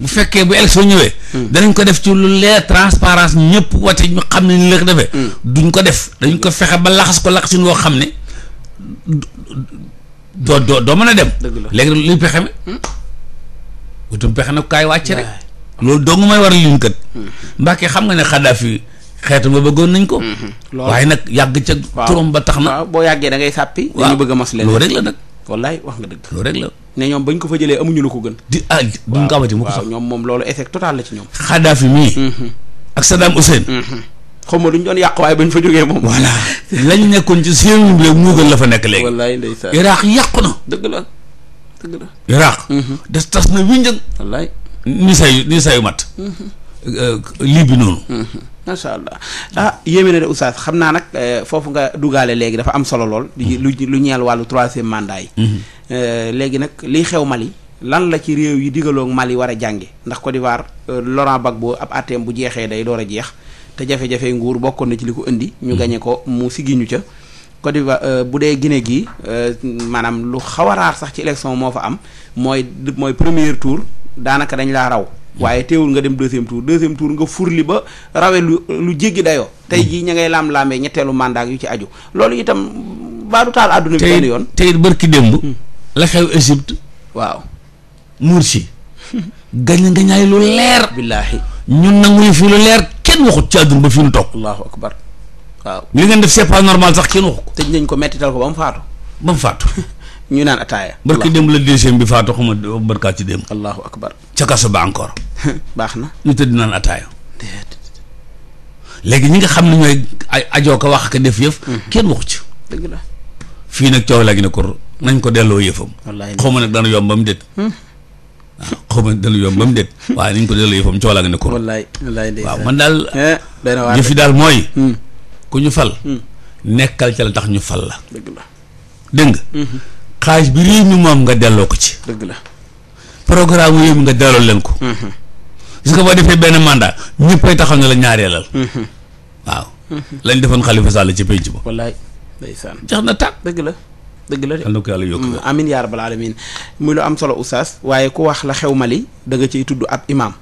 bu fekkee bu soo ñëwee. Hmm. danañ ko def ci lu leer transparence ñëpp wate ñu xam ne ni la ko hmm. duñ ko def dañ ko fexe ba laxas ko laxasin woo xam ne doo doo doo mën a dem. léegi nag luy pexe mi. Hmm. wutum pexe nag kaay wàcc rek. loolu dong may war a liñ kat. Mbàkke xam nga ne Xadaafi xeetu ma bëggoon nañ ko. waaye nag yàgg ca. turam ba tax na. waaw boo yàggee da ngay sàppi. dañu bëgg a mos leen loolu rek la nag. wallaay wax nga dëgg. loolu rek la. ne ñoom bañ ko fa jëlee amuñu lu ko gën. di ah duñ ko mu ko sax ñoom moom loolu échec total la ci ñoom. Xadaafi mii. Mhm. ak Saddam Hussein. Mhm. xaw ma duñ doon yàq waaye bañ fa jógee moom. voilà lañ nekkoon ci séeréer bi rek moo gën la fa nekk léegi. wallaay ndeysaan Iraq yàqu na. dëgg la dëgg la. Iraq. Mhm. des tas na wiñ njëg. wallaay. ni say ni sayu mat. Euh, lii bi noonu. macha allah ah yéeme na de oustaz xam naa nag euh, foofu nga dugaale léegi dafa am solo lool. lu lu ñeel wàllu troisième mandat yi. Mhm. Euh, léegi nag li xew Mali lan la ci réew yi digaloo Mali war a jànge ndax Côte d'Ivoire euh, Laurent Gbagbo ab ATM bu jeexee day door a jeex te jafe-jafe nguur bokkoon na ci li ko indi. ñu mhm. gañe ko mu siggi ñu ca. Côte d'Ivoire bu dee Guinée gii maanaam lu xaw a raar sax ci élection moo fa am mooy mooy premier tour daanaka dañ laa raw. waaye teewul nga dem deuxième tour deuxième tour nga furli ba rawe lu lu jéggi dayoo tey jii ña ngay laam-laamee ñetteelu mandat yu ci aju loolu itam baadu taal àdduna bi benn yoon tey bërki démb hmm. la xew Égypte waaw Mursi gañ gañaay lu leer billaahi ñun nanguñu fii lu leer kenn waxut ci àdduna ba fii nu toog allahu akbar waaw li ngeen def c'est pas normal sax kenn te ko tëj nañ ko mettital ko ba mu faatu ba mu faatu ñu naan ataaya. barki démb la deuxième bi faatu xuma barkaat ci démb. allahu akbar ca kaso ba encore. baax na ñu tëdd naan ataaya. léegi ñi nga xam ne ñooy ay ajoo ko wax ko def yëf. Mhm. kenn waxu ci. dëgg la fii nag coow laa ngi ne ko nañ ko delloo yëfam. wallaahi xaw ma nag dana ba mu déet. waaw hmm? ah, xaw ma dana ba mu déet waaye nañ ko delloo laa ngi ne ko. wallaay wallaay de. waaw man daal. Eh, jëf yi daal mooy. Hmm. ku ñu fal. Hmm. nekkal ca la tax ñu fal la. dëgg la xaalis bi réew mi moom nga delloo ko ci. dëgg la programme réew nga delloo leen ko. Mm-hmm. gis nga boo defee benn mandat ñëppay taxaw ne la ñaareelal. Mm-hmm. waaw. Mm-hmm. lañ defoon Khalifa Sall ci penc ba. wallaay jeex na tàkk dëgg la. dëgg la de yal na ko yàlla mm, muy lu am solo oustaz waaye ku wax la xew Mali da nga ciy tudd ab imaam.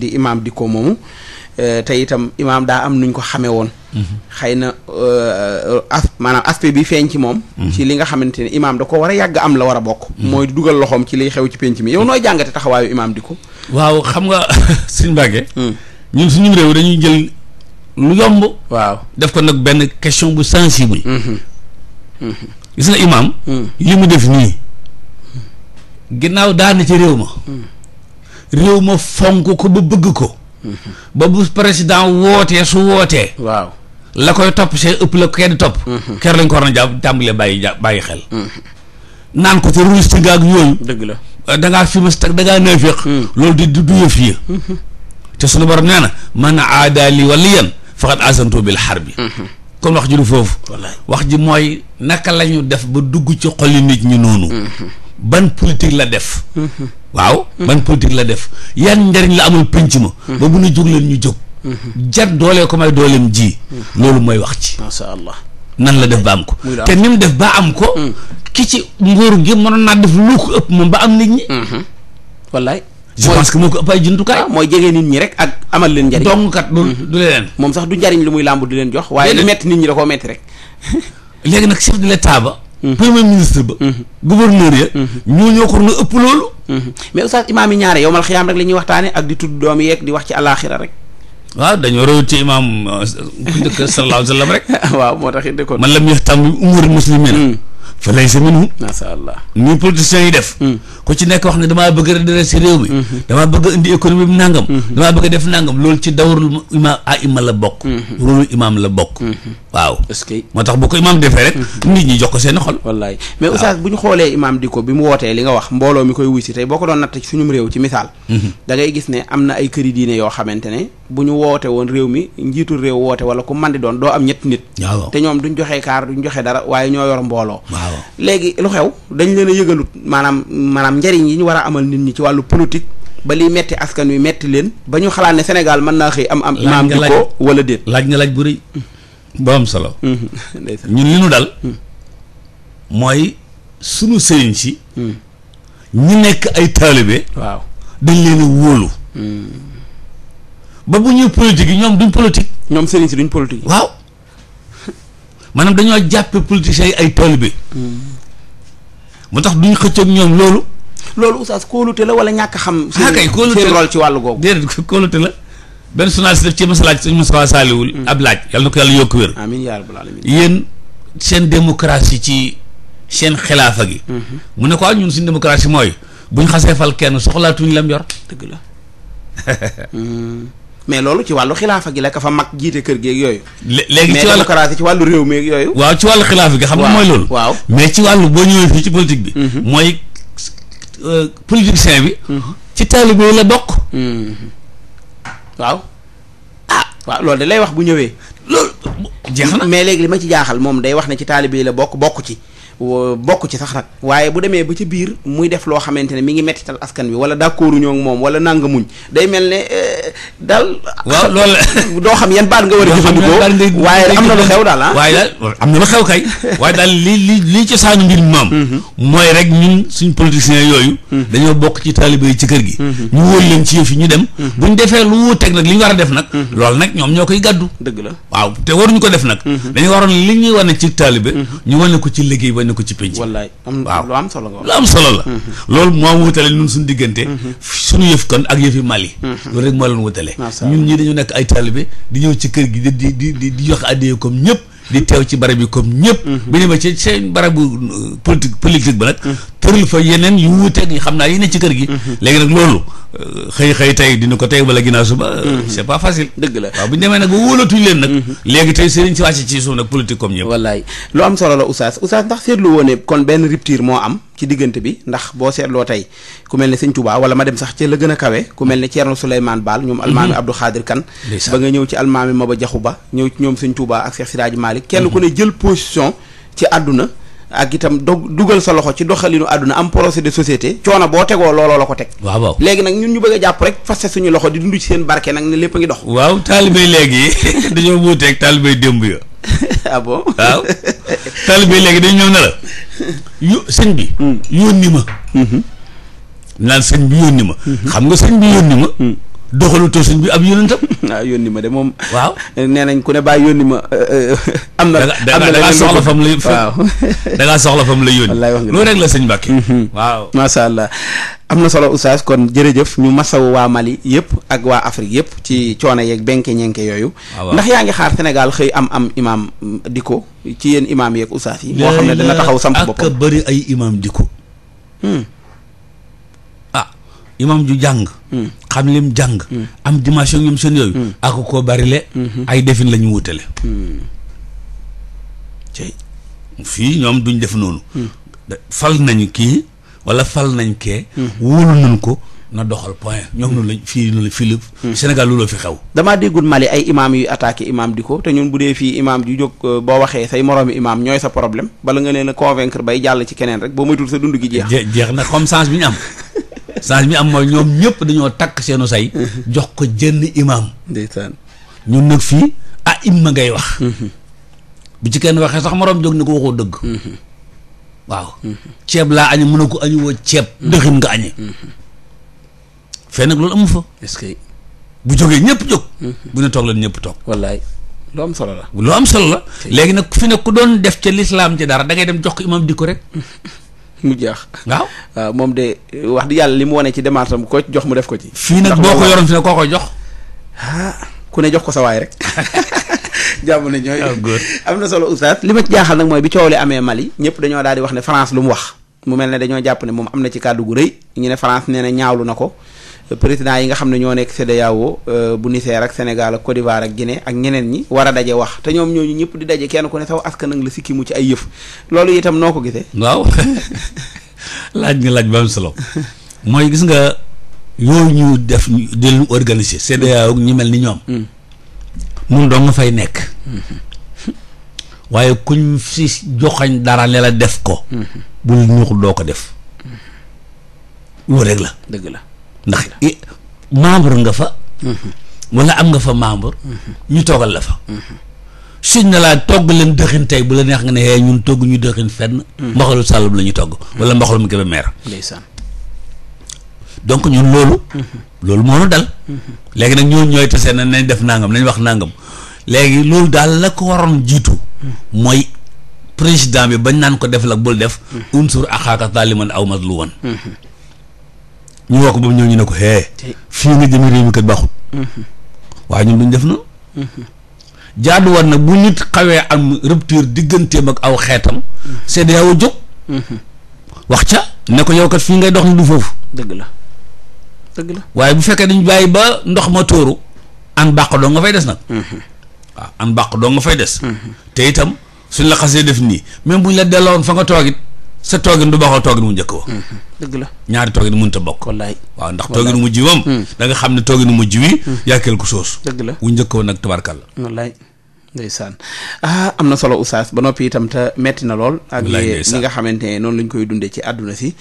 di imaam di ko moomu. Euh, te itam imaam daa am nuñ ko xamee woon. xëy na euh, as maanaam aspect bi feeñ ci moom. Mhm. ci li nga xamante ne imaam da ko war a yàgg am la war a bokk. Mhm. mooy dugal loxoom ci liy xew ci penc mi yow nooy jàngate taxawaayu imaam di ko. waaw xam nga suñ Mbàkke. Hmm. ñun suñu réew dañuy jël lu yomb. waaw def ko nag benn question bu sensible. Hmm. Hmm. gis nga imaam. li mu def nii. ginnaaw daan réew ma. réew ma fonk ko ba bëgg ko. ba bu président wootee su wootee. waaw la koy topp see ëpp la kenn topp. Mhm. ker lañ ko war a jàpp tàmbalee bàyyi ja bàyyi xel. Mhm. naan ko te ruus ci gaag yooyu. dëgg la euh, da ngaa fi mas tag da mhm. loolu di du yëf yi. te sunu borom nee na man aadaa lii waliyan faqad azantu bil bi kon wax ji du foofu. wax ji mooy naka lañu def ba dugg ci xoli nit ñi noonu. ban politique la def. waaw ban politique la def yan njariñ la amul penc ma. ba bu ñu jóg leen ñu jóg. jar doole ko may dooleem ji. loolu mooy wax ci. macha nan la def ba am ko. te ni mu def ba am ko. Mm. ki ci nguur gi mënoon naa def lu ko ëpp moom ba am nit ñi. Mm-hmm. wallaay. je pense que moo ko ëpp ay jumtukaay. mooy jege nit ñi rek ak amal leen njariñ. dong kat du mm-hmm. du leen. moom sax du njariñ lu muy làmb di leen jox. waaye lu metti nit ñi da koo metti rek. léegi nag chef de l'état ba. Mhm. premier ministre ba. Mhm. gouverneur ya. Mhm. ñoo ñoo na ëpp loolu. mais oustaz imaam yi ñaari yowmal xiyaam rek la ñuy waxtaanee ak di tudd doom yeeg di wax ci alaaxira rek. waaw dañoo roy ci imaam euh, ku njëkk sallallahu alayhi rek. waaw moo tax it de kon. man lam yaxtam bi umur muslimin fa laysa minhu macha allah ni yi def hmm. ku ci nekk wax ne damaa bëgg redresser réew mi hmm. damaa bëgg indi économie bi nàngam hmm. damaa bëgg def nàngam loolu ci dawarul imaam la bokk rôlu la bokk waaw est-ce que moo tax bu ko imaam defee rek nit ñi jox ko seen xol wallaay mais oustaz bu ñu xoolee imaam di ko bi mu wootee li nga wax mbooloo mi koy wuy si tey boo ko doon natt ci suñum réew ci misaal da ngay gis ne am na ay këri diine yoo xamante ne bu ñu woote woon réew mi njiitu réew woote wala ku man di doon doo am ñetti nit te ñoom duñ joxee kaar duñ joxee dara waaye ñoo yor mbooloo waaw léegi lu xew dañ leen a yëgalut maanaam maanaam njariñ yi ñu war a amal nit ñi ci wàllu politique ba liy metti askan wi metti leen ba ñu xalaat ne Sénégal mën naa xëy am am imaam di ko wala déet laaj nga laaj bu rëy mm-hmm. ba am solo mm-hmm. ñun li ñu dal mm. mooy sunu sëriñ si mm. ñi nekk ay taalibe waaw dañ leen a wóolu mm. ba bu ñuy politique yi ñoom duñ politique ñoom sëriñ si duñ politique waaw maanaam dañoo jàppe politiciens yi ay taalibe mu tax duñ xëccoog ñoom loolu loolu oustaz kóolute la wala ñàkk xam ah, kay kóolute seen ci wàllu googu déedéet kóolute la benn journaliste def ci mas laaj suñu Moustapha Saliwul mm. ab laaj yàlla na ko yàlla yokk wér amiin yaa rabbal aalamiin yéen seen démocratie ci seen xilaafa gi mm-hmm. mu ne ko ah, ñun suñu démocratie mooy buñ xasee fal kenn soxlaatuñu lam yor dëgg la mm. mais loolu ci wàllu xilaafa gi la ka fa mag jiite kër geeg yooyu. léegi ci wàllu mais démocratie ci wàllu réew meeg yooyu. waaw ci wàllu xilaafa gi xam nga mooy loolu. waaw mais ci wàllu boo ñëwee fii ci politique bi. Mm-hmm. mooy euh, politicien bi. Mm-hmm. ci taalibe la bokk. Mm-hmm. waaw. ah waaw loolu da lay wax bu ñëwee. loolu mais léegi li ma ci jaaxal moom day wax ne ci taalibe yi la bokk bokk ci. bokk ci sax nag waaye bu demee ba ci biir muy def loo xamante ne mi ngi mettital askan bi wala d'accordu ñoo ngi moom wala nangamuñ day mel ne eh, daal. waaw loolu doo xam yan baat nga war a jëfandikoo waaye am na lu xew daal ah. waaye daal am na lu xew kay. waaye daal li li li cosaanu mbir mi moom. Mhm. mooy rek ñun suñ politiciens yooyu. Mhm. dañoo bokk ci taalibe yi ci kër gi. Mhm. ñu wóor leen ci yëf yi ñu dem. buñ defee lu wuuteeg nag li ñu war a def nag. loolu nag ñoom ñoo koy gàddu. dëgg la waaw te waruñu ko def nag. dañu waroon li ñuy wane ci taalibe. ñu wane ko ci liggéey ba na ko ci penc. wallaay am lu am solo nga lu am solo la. Mm-hmm. loolu moo wutale ñun suñu diggante. Mm-hmm. suñu yëf kon ak yëfi Mali. Mm-hmm. loolu rek moo leen wutale. ñun ñii dañu nekk ay taalibe di ñëw ci kër gi di di di di jox addee comme ñëpp. di teew ci barab yi comme ñëpp mhm. bu demee ci seen barabu euh, politique politique ba nag tëral fa yeneen yu wuuteeg yi xam naa yi ne ci kër gi mhm. léegi nag loolu euh, xëy xëy tey dina ko tey wala ginnaaw suba euh, mhm. c'est pas facile dëgg la waaw bu ñu demee nag ba wóolatuñ leen nag léegi tey sëriñ si wàcc ci suuf nag politique comme ñëpp wallaay lu am solo la oustaz oustaz ndax seetlu woon ne kon benn rupture moo am ci diggante bi ndax boo seetloo tey ku mel ne sëñ Touba wala ma dem sax ca la gën a kawe ku mel ne Thierno Souleymane Baal ñoom almaami mhm. Abdou Khadir Kan ba nga ñëw ci almaami Maba Jaxu Ba ñëw ci ñoom sëñ Touba ak Cheikh Siraaji Malik kenn ku mhm. ne jël position ci àdduna ak itam dog dugal sa loxo ci doxalinu àdduna am projet de société coono boo tegoo looloo la ko teg waaw waaw léegi nag ñun ñu bëgg a jàpp rek fas suñu loxo di dund ci seen barke nag ne lépp a ngi dox waaw taalibéy léegi dañoo wuuteeg taalibéy démb ya ah bon waaw. taalibe léegi dañ ñëw ne la yu sëñ bi. Hmm. yónni ma. Hmm. naan sëñ bi yónni ma. Hmm. xam nga sëñ bi yónni ma. doxalutoo sëñ bi ab yónnentam. waaw ah, yónni ma de moom. waaw nee nañ ku ne baa yónni ma. am na am na da ngaa soxla fam la da ngaa soxla fam la yónni. wallaay wax nga loolu rek la sëñ Mbacke. Mhm. waaw macha allah. am na solo oustaz kon jërëjëf ñu masawu waa Mali yëpp ak waa Afrique yëpp ci coono yeeg benke ñenke yooyu. Ah, ndax yaa ngi xaar Sénégal xëy am am imaam mm, diko ci yéen imaam yeeg oustaz yi. moo xam ne dana taxaw samp boppam ak bari ay imaam diko. Hmm. imam ju jàng hmm. xam lim jàng hmm. am dimension ñoom seen yooyu hmm. ak koo barile ay defin lañu ñu wutale fii ñoom duñ def noonu fal nañ kii wala fal nañ kee wóolu nañ ko na doxal point ñoom noonu lañ fii noonu la Philippe Sénégal loolu fi xew damaa déggul Mali ay imaam yuy attaqué imaam di ko te ñun bu dee fii imaam ju jóg euh, boo waxee say moroomi imaam ñooy sa problème bala nga leen a convaincre bay jàll ci keneen rek boo moytul sa dund gi jeex jeex na comme sens bi ñu saa change mi am mooy ñoom ñëpp dañoo takk seenu say jox ko jënn imaam ndeysaan ñun nag fii ah imma ngay wax bu ci kenn waxee sax moroom jóg ni ko waxoo dëgg waaw ceeb laa añu mën a ko añu woo ceeb dëxin nga añe fee nag loolu amu fa est-ce que bu jógee ñëpp jóg mhm. bu ne toog leen ñëpp toog wallaay lu am solo la lu am solo la léegi nag fi ne ku doon def ca lislaam ci dara da ngay dem jox ko imaam di ko rek mu jeex waaw moom de wax di yàlla li mu wane ci démarche am ko jox mu def ko ci fii nag boo ko yoroon fi ne koo koy jox ah ku ne jox ko sa waay rek jàmm na ñooy oh, am na solo oustaz li ma jaaxal nag mooy bi coow li amee Mali ñëpp dañoo daal wax ne France lu mu wax mu mel ne dañoo jàpp ne moom am na ci kàddu gu rëy ñu ne France nee ne ñaawlu na ko président yi nga xam ne ñoo nekk CEDEAO euh, bu Niger ak Sénégal ak Côte d'Ivoire ak Guinée ak ñeneen ñi war a daje wax te ñoom ñooñu ñëpp di daje kenn ku ne saw askan nag la sikki mu ci ay yëf loolu itam noo ko gisee. waaw laaj nga laaj ba am solo mooy gis nga yooyu ñu def di leen organiser CEDEAO ñu mel ni ñoom. mun mm. doo nga fay nekk. Mm-hmm. waaye kuñ si joxañ dara ne la def ko. Mm-hmm. bul ñuux doo ko def. Mm-hmm. loolu rek la dëgg la. ndax membre nga fa wala am nga fa membre ñu toogal la fa suñ na laa togg leen dëxin tey bu la neex nga ne hee ñun togg ñu dëxin fenn mbaxalu sàllum la ñu togg wala mbaxalum Kébé meer ndeysaan donc ñun loolu loolu moo nu dal léegi nag ñoo ñooy tase na nañ def nangam nañ wax nangam léegi loolu daal la ko waroon jiitu mooy président bi bañ naan ko def la bul def mm-hmm. unsur axaaka zaaliman aw mazluuman mm-hmm. ñu woo ko ba mu ñëw ñu ne ko hee. fii nga jëmee réew mi kat baaxut. Mhm. waaye ñun duñ def na mhm. jaadu war nag bu nit xawee am rupture digganteem ak aw xeetam. Mhm. CEDEAO jóg. wax ca ne ko yow kat fii ngay dox ni du foofu. dëgg la dëgg la waaye bu fekkee dañu bàyyi ba ndox ma tooru an bàq doo nga fay des nag. waaw an bàq doo nga fay des. te itam suñ la xasee def nii même buñ la delloon woon fa nga toog sa toogin du bokkoo toogin mu njëkk wa mm-hmm. dëgg la ñaari toogin mënut a bokk wallaay waaw ndax toogin mujj moom mm. da nga xam ne toogin mujj wi mm-hmm. yaa quelque chose dëgg la wu njëkk wa nag tabarkal la wallaay ndeysaan ah am na solo oustaz ba noppi itam na lool ak ñi nga xamante ne noonu lañ koy dundee ci àdduna si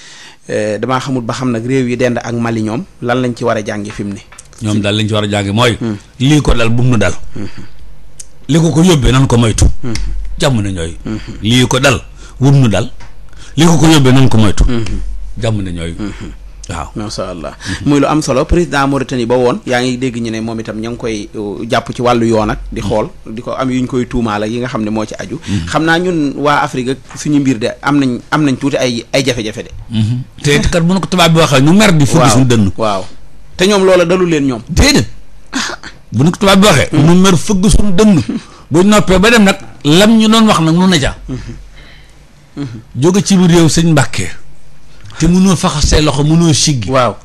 eh, damaa xamut ba xam nag réew yi dend ak Mali ñoom lan lañ ci war a jàngi fi mu ne ñoom daal lañ ci war a jàngi mooy mm. lii ko dal bum nu dal mm-hmm. li ko ko yóbbee nan ko moytu jàmm na ñooy lii ko dal wum nu dal li ko ko yóbbee nañ ko moytu. Mhm. jàmm na ñooy. Mhm. waaw macha allah muy lu am solo président Mauritanie ba woon yaa ngi dégg ñu ne moom itam ña ngi koy uh, jàpp ci wàllu yoon ak di mhm. xool di ko am yu ñu koy tuumaal ak yi nga xam ne moo ci aju xam naa ñun waa Afrique ak suñu mbir de am nañ am nañ tuuti ay ay jafe-jafe de te kat bu na ko tubaab bi waxee ñu mer di fuddi suñu dënn waaw te ñoom loola dalu leen ñoom bu na ko bi waxee ñu mer fëgg suñu dënn bu noppee ba dem nag lam ñu doon wax nag nu na ca jóge ci biir réew sëñ Mbàkke te mënoo faxas say loxo mënoo siggi waaw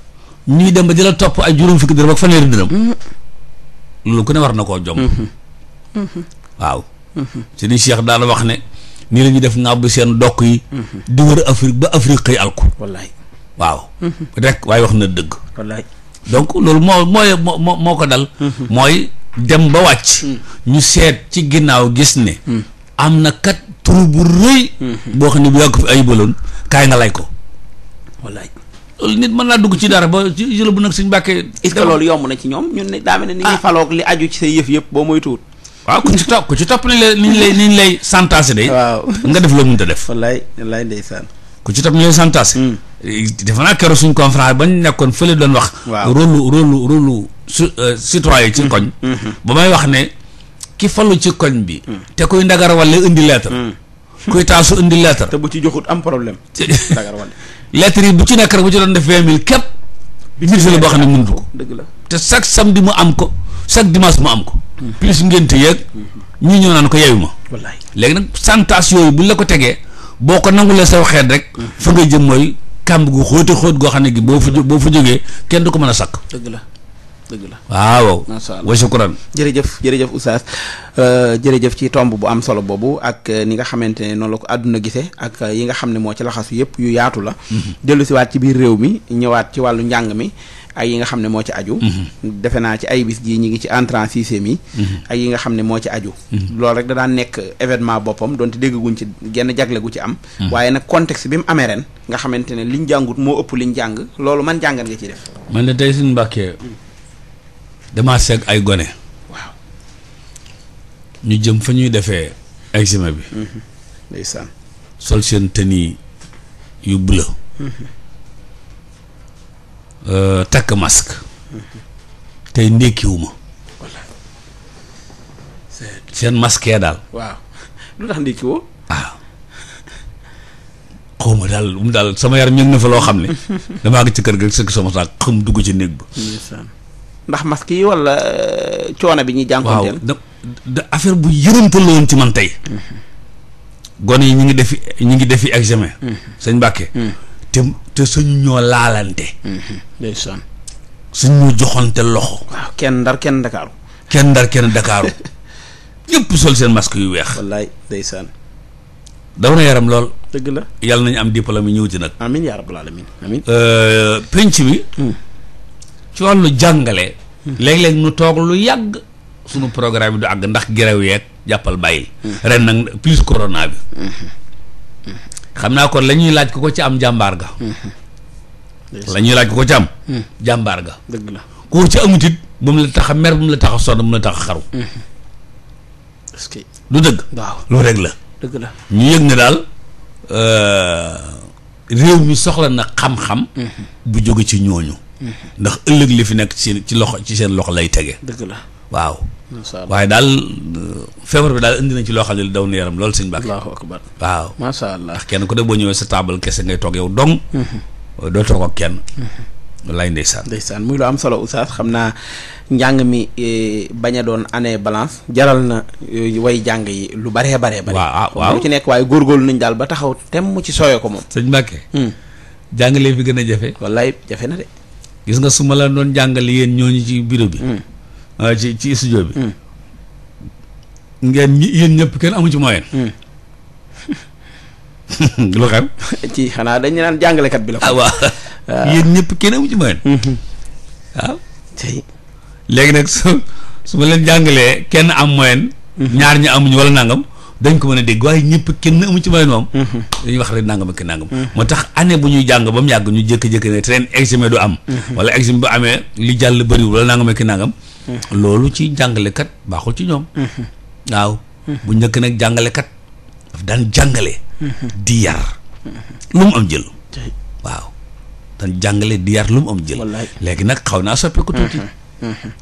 ñuy dem ba di la topp ay juróom fukki dërëm ak fanweeri dërëm mhm. loolu ku ne war na koo jom mhm. waaw mhm. sëñ Cheikh daana wax ne ni la def ngàbb seen dokk yi di wër Afrique ba Afrique xëy alku waaw rek waaye wax na dëgg wallaay donc loolu moo mooy moo moo ko dal mooy dem ba wàcc ñu seet ci ginnaaw gis ne am na kat tur bu rëy. Mhm. boo xam ne bu yàgg fi ay kaay nga lay ko wallaay. loolu nit mën naa dugg ci dara ba ci jëla bu nag suñ mbàkkee. est-ce loolu yomb na ci ñoom ñun daa mel ne ni ñuy ah. faloog li aju ci sa yëf yëpp boo moytuwul. waaw ku ci topp ku ci topp ni lay ni ñu lay ni ñu lay santaase day. nga def loo mënut a def. wallaay wallaay ku ci topp ni lay santaase. Hmm. defe naa keroog suñ conférence ba ñu nekkoon fële doon wax. waaw rôle rôle rôle su euh, citoyen ci hmm. koñ. Hmm. ba may wax ne. ci falu ci koñ bi. te kuy ndagar walla indi lettre. Hmm. koy taasu indi lettre. te bu ci joxut am problème. ndagar walla lettre yi bu ci nekk rek bu ci doon def vingt mille képp. budget la boo xam ne mënut ko. dëgg la te chaque samedi mu am ko chaque dimanche mu am ko. Hmm. plus ngénte yeeg. Hmm. ñii ñoo naan ko yeewu ma. wallaay léegi nag santaas yooyu buñ la ko tegee boo ko nangu nangulee saw xeet rek. fa nga jëm mooy kàmb gu xóote xóot goo xam ne gi boo fa boo fa jógee kenn du ko mën a sakk. dëgg la. dëgg la waaw. macha allah wa jëf jërëjëf jërëjëf oustaz euh, jërëjëf ci tomb bu am solo boobu ak euh, ni nga xamante ne noonu la ko àdduna gise ak euh, yi nga xam ne moo ci laxasu yëpp yu yaatu la. Mm-hmm. dellu si ci biir réew mi ñëwaat ci wàllu njàng mi. ay yi nga xam ne moo ci aju mm-hmm. defe naa ci ay bis jii ñi ngi ci entrant sixième mi mm-hmm. ay yi nga xam ne moo ci aju loolu rek da nekk événement boppam donte déggaguñ ci genn jagle gu ci am waaye nag contexte bi mu amee ren nga xamante ne liñ jàngut moo ëpp liñ jàng loolu man jàngat nga ci def man tey suñu mbàkkee dama seeg ay gone ñu jëm fa ñuy defee examen bi mhm. ndeysaan sol seen tenue yu bleu mhm. euh, takk mask mhm. tey ndékkiwuma seen masque daal waaw lu tax ndékkiwoo waaw ah. xaw ma daal mu daal sama yaram ñëg na fa loo xam ne damaa ngi ci kër ga sëkk sama saak xam dugg ci néeg ba ndax masque yi wala euh, coono bi ñuy jànkuwanteel. waaw da affaire bu yërëmtal ci man tey. Mm-hmm. gone yi ñu ngi defi ñu ngi defi examen. Mm-hmm. sëñ Mbàkke. Mm-hmm. te te suñu ñoo laalante. ndeysaan. suñu joxante loxo. waaw kenn ndar kenn Dakaaru. kenn ndar kenn Dakaaru ñëpp sol seen masque yu weex. wallaay ndeysaan. daw na yaram lool. dëgg la yàlla nañu am diplôme yi ñëw ci nag. Euh, penc bi. ci lu jàngale. léeg-léeg nu toog lu yàgg sunu programme bi du àgg ndax gerew yeeg jàppal bàyyil. ren nag plus corona bi. xam naa ko lañuy laaj ku ko ci am jàmbaar ga. la laaj ko ci am. jàmbaar ga. dëgg la ku ci amut it bu mu la tax a mer bu mu la tax a sonn bu mu la tax a xaru. que du dëgg. waaw loolu la. dëgg la ñu yëg ne daal euh, réew mi soxla na xam-xam. Mhm. bu jóge ci ñooñu. ndax ëllëg li fi nekk ci ci loxo ci seen loxo lay tege. dëgg la waaw. waaye daal feebar bi daal indi nañ ci loo xam ne daw na yaram loolu sëñ Mbàkke. allahu akbar waaw. macha allah ndax kenn ku ne boo ñëwee sa taabal kese ngay toog yow dong. Mm-hmm. doo toog ak kenn. Mm-hmm. wallaay ndeysaan ndeysaan muy lu am solo oustaz xam naa njàng mi e, bañ a doon année balance jaral na e, way jàng yi lu bare baree bare waaw ah, waaw ci nekk waaye góorgóorlu nañ daal ba taxaw tem mu ci sooyee ko moom sëñ Mbàkke mm. jàngale bi gën a jafe wallaay jafe na gis nga su ma la doon jàngale yéen ñooñu ci bureau bi. Hmm. Ah, ci ci studio bi. Hmm. ngeen ñi yéen ñëpp kenn amu ci moyen. Hmm. lu xam. ci xanaa dañu naan jàngalekat bi la. ah waaw ah. yéen ñëpp kenn amu ci moyen. waaw. léegi nag su su ma leen jàngalee kenn am moyen. ñaar ñi amuñu wala nangam. dañ ko mën a dégg waaye ñëpp kenn amu ci moyen moom mhm. dañuy wax rek nangam ak nangam mhm. moo tax ane bu ñuy jàng ba mu yàgg ñu jékki-jékki ne ren examen du am mhm. wala examen bu amee li jàll bëriwul wala nangam ak nangam loolu ci jàngalekat baaxul ci ñoom waaw bu njëkk nag jàngalekat daf daan jàngale di yar lu mu am jël waaw daan jàngale di yar lu mu am jël léegi nag xaw naa soppeeku tuuti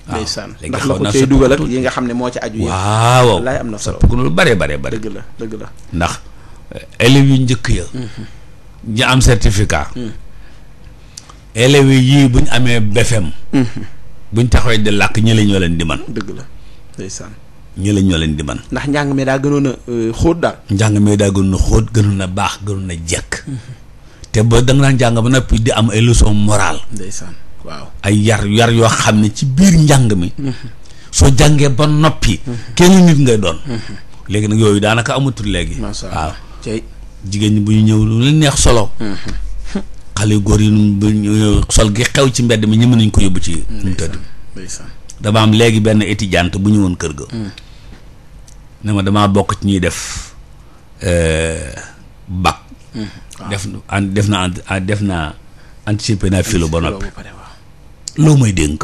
ndeysaan ndax la ko yi nga xam ne moo ci aju waaw laay am na solo ku lu bare bare bare la dëgg la ndax eh, élèves yu njëkk ya mhm. ñi am certificat mhm. élèves yii ñu amee BFEM mhm. buñ taxawee di làkk ñi ñoo leen di man dëgg la ndeysaan ñi la ñoo leen di man ndax njàng mee daa gënoon a euh, xóot daal njàng mee daa gënoon a xóot gënoon a baax gënoon a jekk te ba da nga njàng jàng ba noppi di am ay leçon morale ndeysaan waaw ay yar yar yoo xam ne ci biir njàng mi soo jàngee ba noppi kenn nit ngay doon léegi nag yooyu daanaka amatul léegi waaw jigéen ñi bu ñu ñëw lu neex solo xale yu góor yi bu sol gi xew ci mbedd mi ñi mën nañ ko yóbbu ci ñu tëdd dama am léegi benn étudiante bu ñëwoon kër ga mm. ne ma dama bokk ci ñuy def euh, bac mm. def def naa def naa anticipé naa filo ba noppi loo may dénk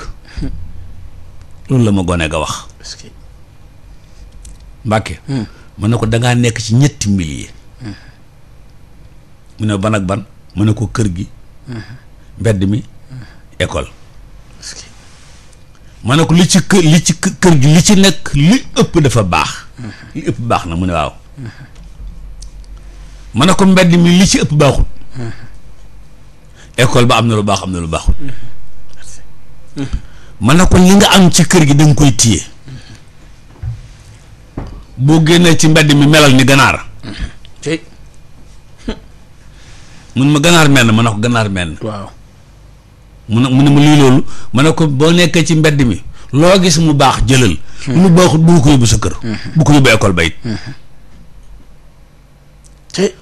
loolu la ma gone ga wax mbàkke mu hmm. ne ko dangaa nekk ci ñetti milliers hmm. mu ne ban ak ban mu ne ko kër gi hmm. mbedd mi école ma ne ko li ci kër gi li ci nekk li ëpp dafa baax li ëpp baax na mu ne waaw ma ne ko mbedd mi li ci ëpp baaxul école ba am na lu baax am na lu baaxul ma ne ko li nga am ci kër gi da koy téye boo génnee ci mbedd mi melal ni ganaar mun ma ganaar mel na ma ne ko ganaar mel na waaw mu ne mu ne ma lii loolu ma ne ko boo nekkee ci mbedd mi loo gis mu baax jëlal hmm. lu baaxut bu ko yóbbu sa kër hmm. bu ko yóbbu école ba it hmm.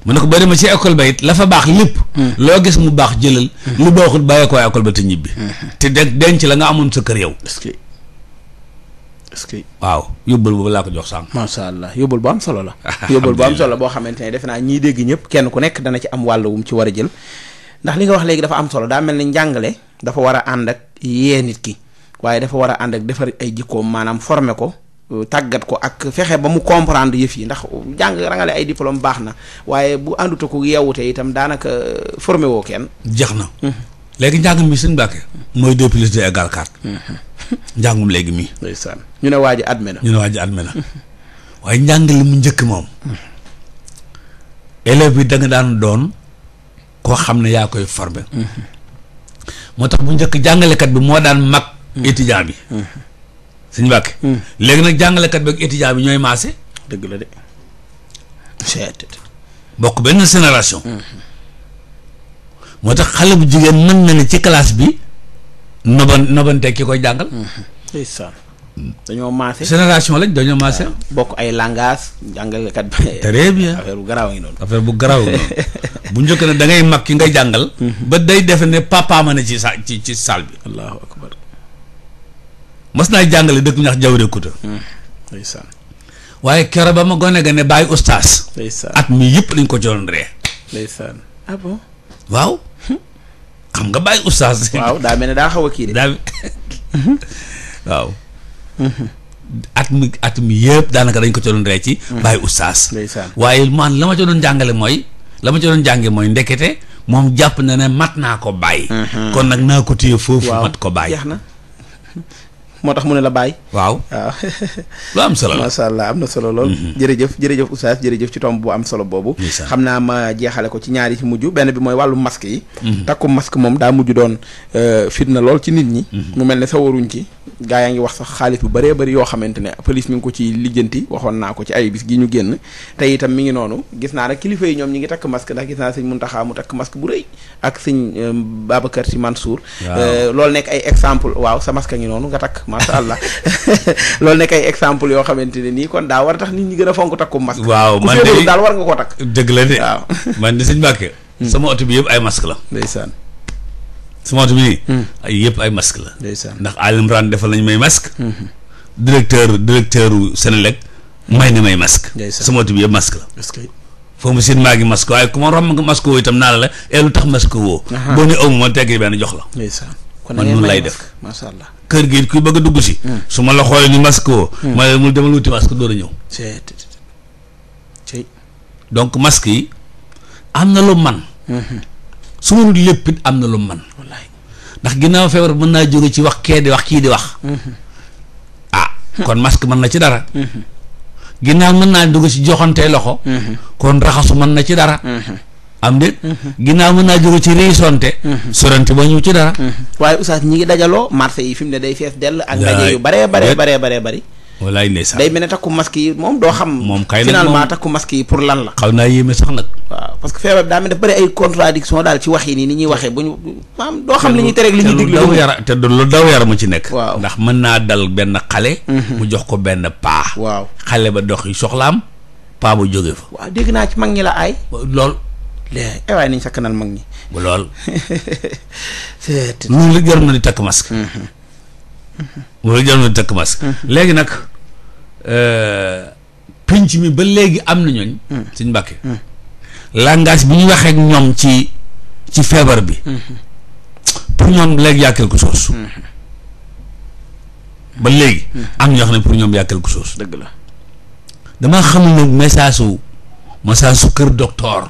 mu ne ko bari ma ci école ba it la fa baax lépp. Hmm. loo gis mu baax jëlal. Hmm. lu baaxut bàyyee ko école ba te ñibbi. Hmm. te de denc la nga amoon sa kër yow. est que est que. waaw yóbbal boobu laa ko jox sànq. macha allah yóbbal bu am solo la. yóbbal bu am solo boo xamante ne defe naa ñii dégg ñëpp kenn ku nekk dana ci am wàll wu mu ci war a jël ndax li nga wax léegi dafa am solo daa mel ni njàngale dafa war a ànd ak yee nit ki waaye dafa war a ànd ak defar ay jikkoom maanaam former ko tàggat ko ak fexe ba mu comprendre yëf yi ndax jàng rangale ay diplôme baax na waaye bu ànduta ko yeewute itam daanaka formé woo kenn jeex na mm-hmm. léegi njàng mi suñ bàkke mooy deux plus deux mm-hmm. njàngum léegi mii ñu ne waa ji na ñu ne waa mm-hmm. waaye njàng li mu njëkk moom élève bi da daan doon koo xam ne yaa koy formé moo tax bu njëkk jàngalekat bi moo daan mag étudiant bi suñ bàkke hmm. léegi nag jàngalekat beeg étudiant bi ñooy maase. dëgg la de. bokk benn génération. Hmm. moo tax xale bu jigéen mën na ne ci classe bi. noban nobante ki koy jàngal. Hmm. ndeysaan. dañoo maase. génération lañ dañoo maase. bokk ay langage jàngalekat bi. très bien affaire bu garaaw ngi noonu. affaire bu garaaw bu njëkk ne da ngay mag ki ngay jàngal. ba day defe ne papa ma ne ci sa ci ci salle bi. allahu mas naay jàngale dëkk ñax jawre kuta hmm. ndeysaan waaye kero ba ma gone ga ne bàyyi ustaas at mi yëpp lañ ko joloon ree ah hmm. nga bàyyi ustaas waaw mel ne daa xaw a kii de daa hmm. yëpp daanaka dañ ko ci doon ree ci bàyyi ustaas waaye man la ma ci jàngale mooy la ma ci doon jànge mooy ndekete moom jàpp na ne mat naa ko bàyyi kon nag naa ko téye foofu mat ko bàyyi moo tax mu ne la bàyyi. waaw waaw. lu am solo la macha allah am na solo lool. Mm-hmm. jërëjëf jërëjëf Oustaz jërëjëf ci tomb bu am solo boobu. xam naa ma jeexale ko ci ñaari ci benn bi mooy wàllu masque yi. Mm-hmm. takku masque moom daa mujj doon euh, fitna lool ci nit ñi. Mm-hmm. mu mel ne sa waruñ ci. gaa yaa ngi wax sax xaalis bu bëree bëri yoo xamante ne police mi ko ci lijjanti waxoon naa ko ci ay bis gi ñu génn te itam mi ngi noonu gis naa nag kilifa yi ñoom ñi ngi takk masque ndax gis naa sëñ Muntaxa mu takk masque bu rëy ak euh, euh, loolu nekk exemple waaw sa masque ngi noonu nga takk macha allah loolu nekk ay exemple yoo xamante ne nii kon daa war a tax nit ñi gën a fonk takku masque waaw man daal war nga koo takk dëgg la de waaw man de sëñ Mbàkke hmm. sama oto bi yëpp ay masque la ndeysaan sama oto bi hmm. ay yëpp ay masque la ndeysaan ndax Alimran defal nañu may masque hmm. directeur directeur Senelec may na may masque sama oto bi yëpp masque la foofu seen maa ngi masque waaye ku ma romb masque woo itam naa la la ee tax masque woo boo ne aw ma ma tegg benn jox la man noonu lay def kër gi kuy bëgg a dugg si. Hmm. su ma la xoolee ni masque woo. Hmm. ma ne mul demal wuti masque door a ñëw. donc masque yi am na lu man hmm. su mënul lépp am na lu man ndax ginnaaw feebar mën naa jóge ci wax kee di wax kii di wax. ah kon masque mën na ci dara. ginnaaw mën naa dugg ci joxante loxo. kon raxasu mën na ci dara. am déet ginnaaw mën naa jóge ci riisonte sorante ba ñu ci dara waaye oustaz ñi ngi dajaloo marché yi fi mu ne day fees dell ak ndaje yu bare bare bare bare bëri walaay ndeysaan day mel ne takku masque yi moom doo xam moom kay finalement takku masque yi pour lan la xaw naa yéeme sax nag waaw parce que feebar daa mel ne dafa bëri ay contradiction daal ci wax yi nii ni ñuy waxee bu ñu maanaam doo xam li ñuy tere ak li ñuy digle daw yara te lu daw yara mu ci nekk waaw ndax mën naa dal benn xale mhm. mu jox ko benn paa waaw xale ba dox yi soxlaam paa ba jóge fa waaw dégg naa ci mag ñi la aay lool léegi eh waaye nañ sakkanal mag ñi. bu lool. ñun lu jar na di takk masque. Mm-hmm. Mm-hmm. léegi nag euh, pinc mi ba léegi am na ñooñ. Mm. suñ mbàkke. Mm. langage bi ñu waxee ak ñoom ci ci feebar bi. Mm-hmm. pour ñoom léegi yaa quelque chose. ba léegi. am na ñoo xam ne pour ñoom yaa quelque chose. dëgg la damaa xamul su. su kër docteur.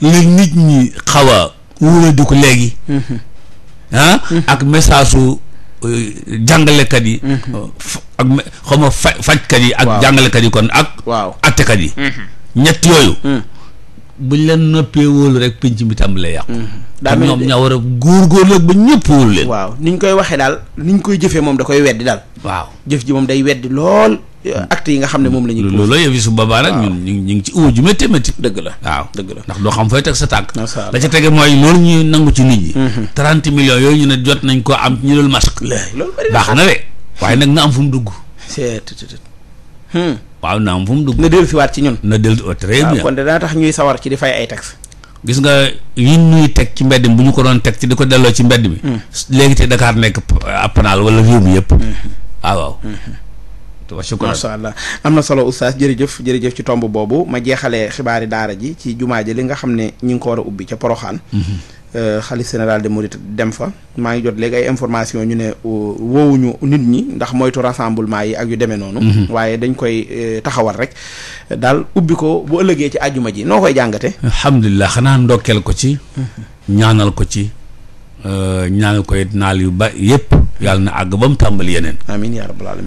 li nit ñi xaw a wuure di ko léegi. Ah ak message euh, jàngalekat yi mm-hmm. ak xaw ma fajkat yi ak jàngalekat yi kon ak attekat yi mm-hmm. ñett yooyu mm. buñ leen noppee wóolu rek penc mi tàmbalee yàqu. Mhm. daa mel ñoom ña góor a góorgóorlu ak ba ñëpp wóolu leen. waaw niñ koy waxee daal ni ñu koy jëfee moom da koy weddi daal. waaw jëf ji moom day weddi lool. Mm. acte yi nga xam ne moom la ñuy. loolu yëf yi su boobaa nag ñun ñu ngi ñu ngi la waaw dëgg la ndax doo xam fooy teg sa tànk. la ca tege mooy loolu ñuy nangu ci nit ñi. 30 mhm. millions yooyu ñu ne jot nañ koo am ñu dul masque. loolu baax na de waaye nag na am fu mu dugg. waaw naam fu mu dugg. na dellusiwaat ci ñun. na dellu oh, très ah, bien kon dana tax ñuy sawar ci di ay taxes. gis nga yi ñuy teg ci mbedd mi bu ñu ko doon teg ci di ko delloo ci mbedd bi hmm. léegi te Dakar nekk apanaal wala réew mi yëpp. Hmm. Ah, waaw hmm. waaw. am na solo oustaz jërëjëf jërëjëf ci tomb boobu ma jeexalee xibaari daara ji ci jumaa ji li nga xam ne ñu ngi ko war a ubbi ca Poroxaan. Euh, xalif général de Mouride dem fa maa ngi jot léegi ay information ñu ne euh, woowuñu nit ñi ndax moytu rassemblement yi ak yu demee noonu mhm. waaye dañ koy euh, taxawal rek daal ubbi ko bu ëllëgee ci àjjuma ji noo koy jàngate alhamdulilah xanaa ndokkeel ko ci mhm. ñaanal ko ci ñaanal ko it naal yu ba yëpp mhm. yàlla na àgg ba mu tàmbali yeneen amin yaa rabbal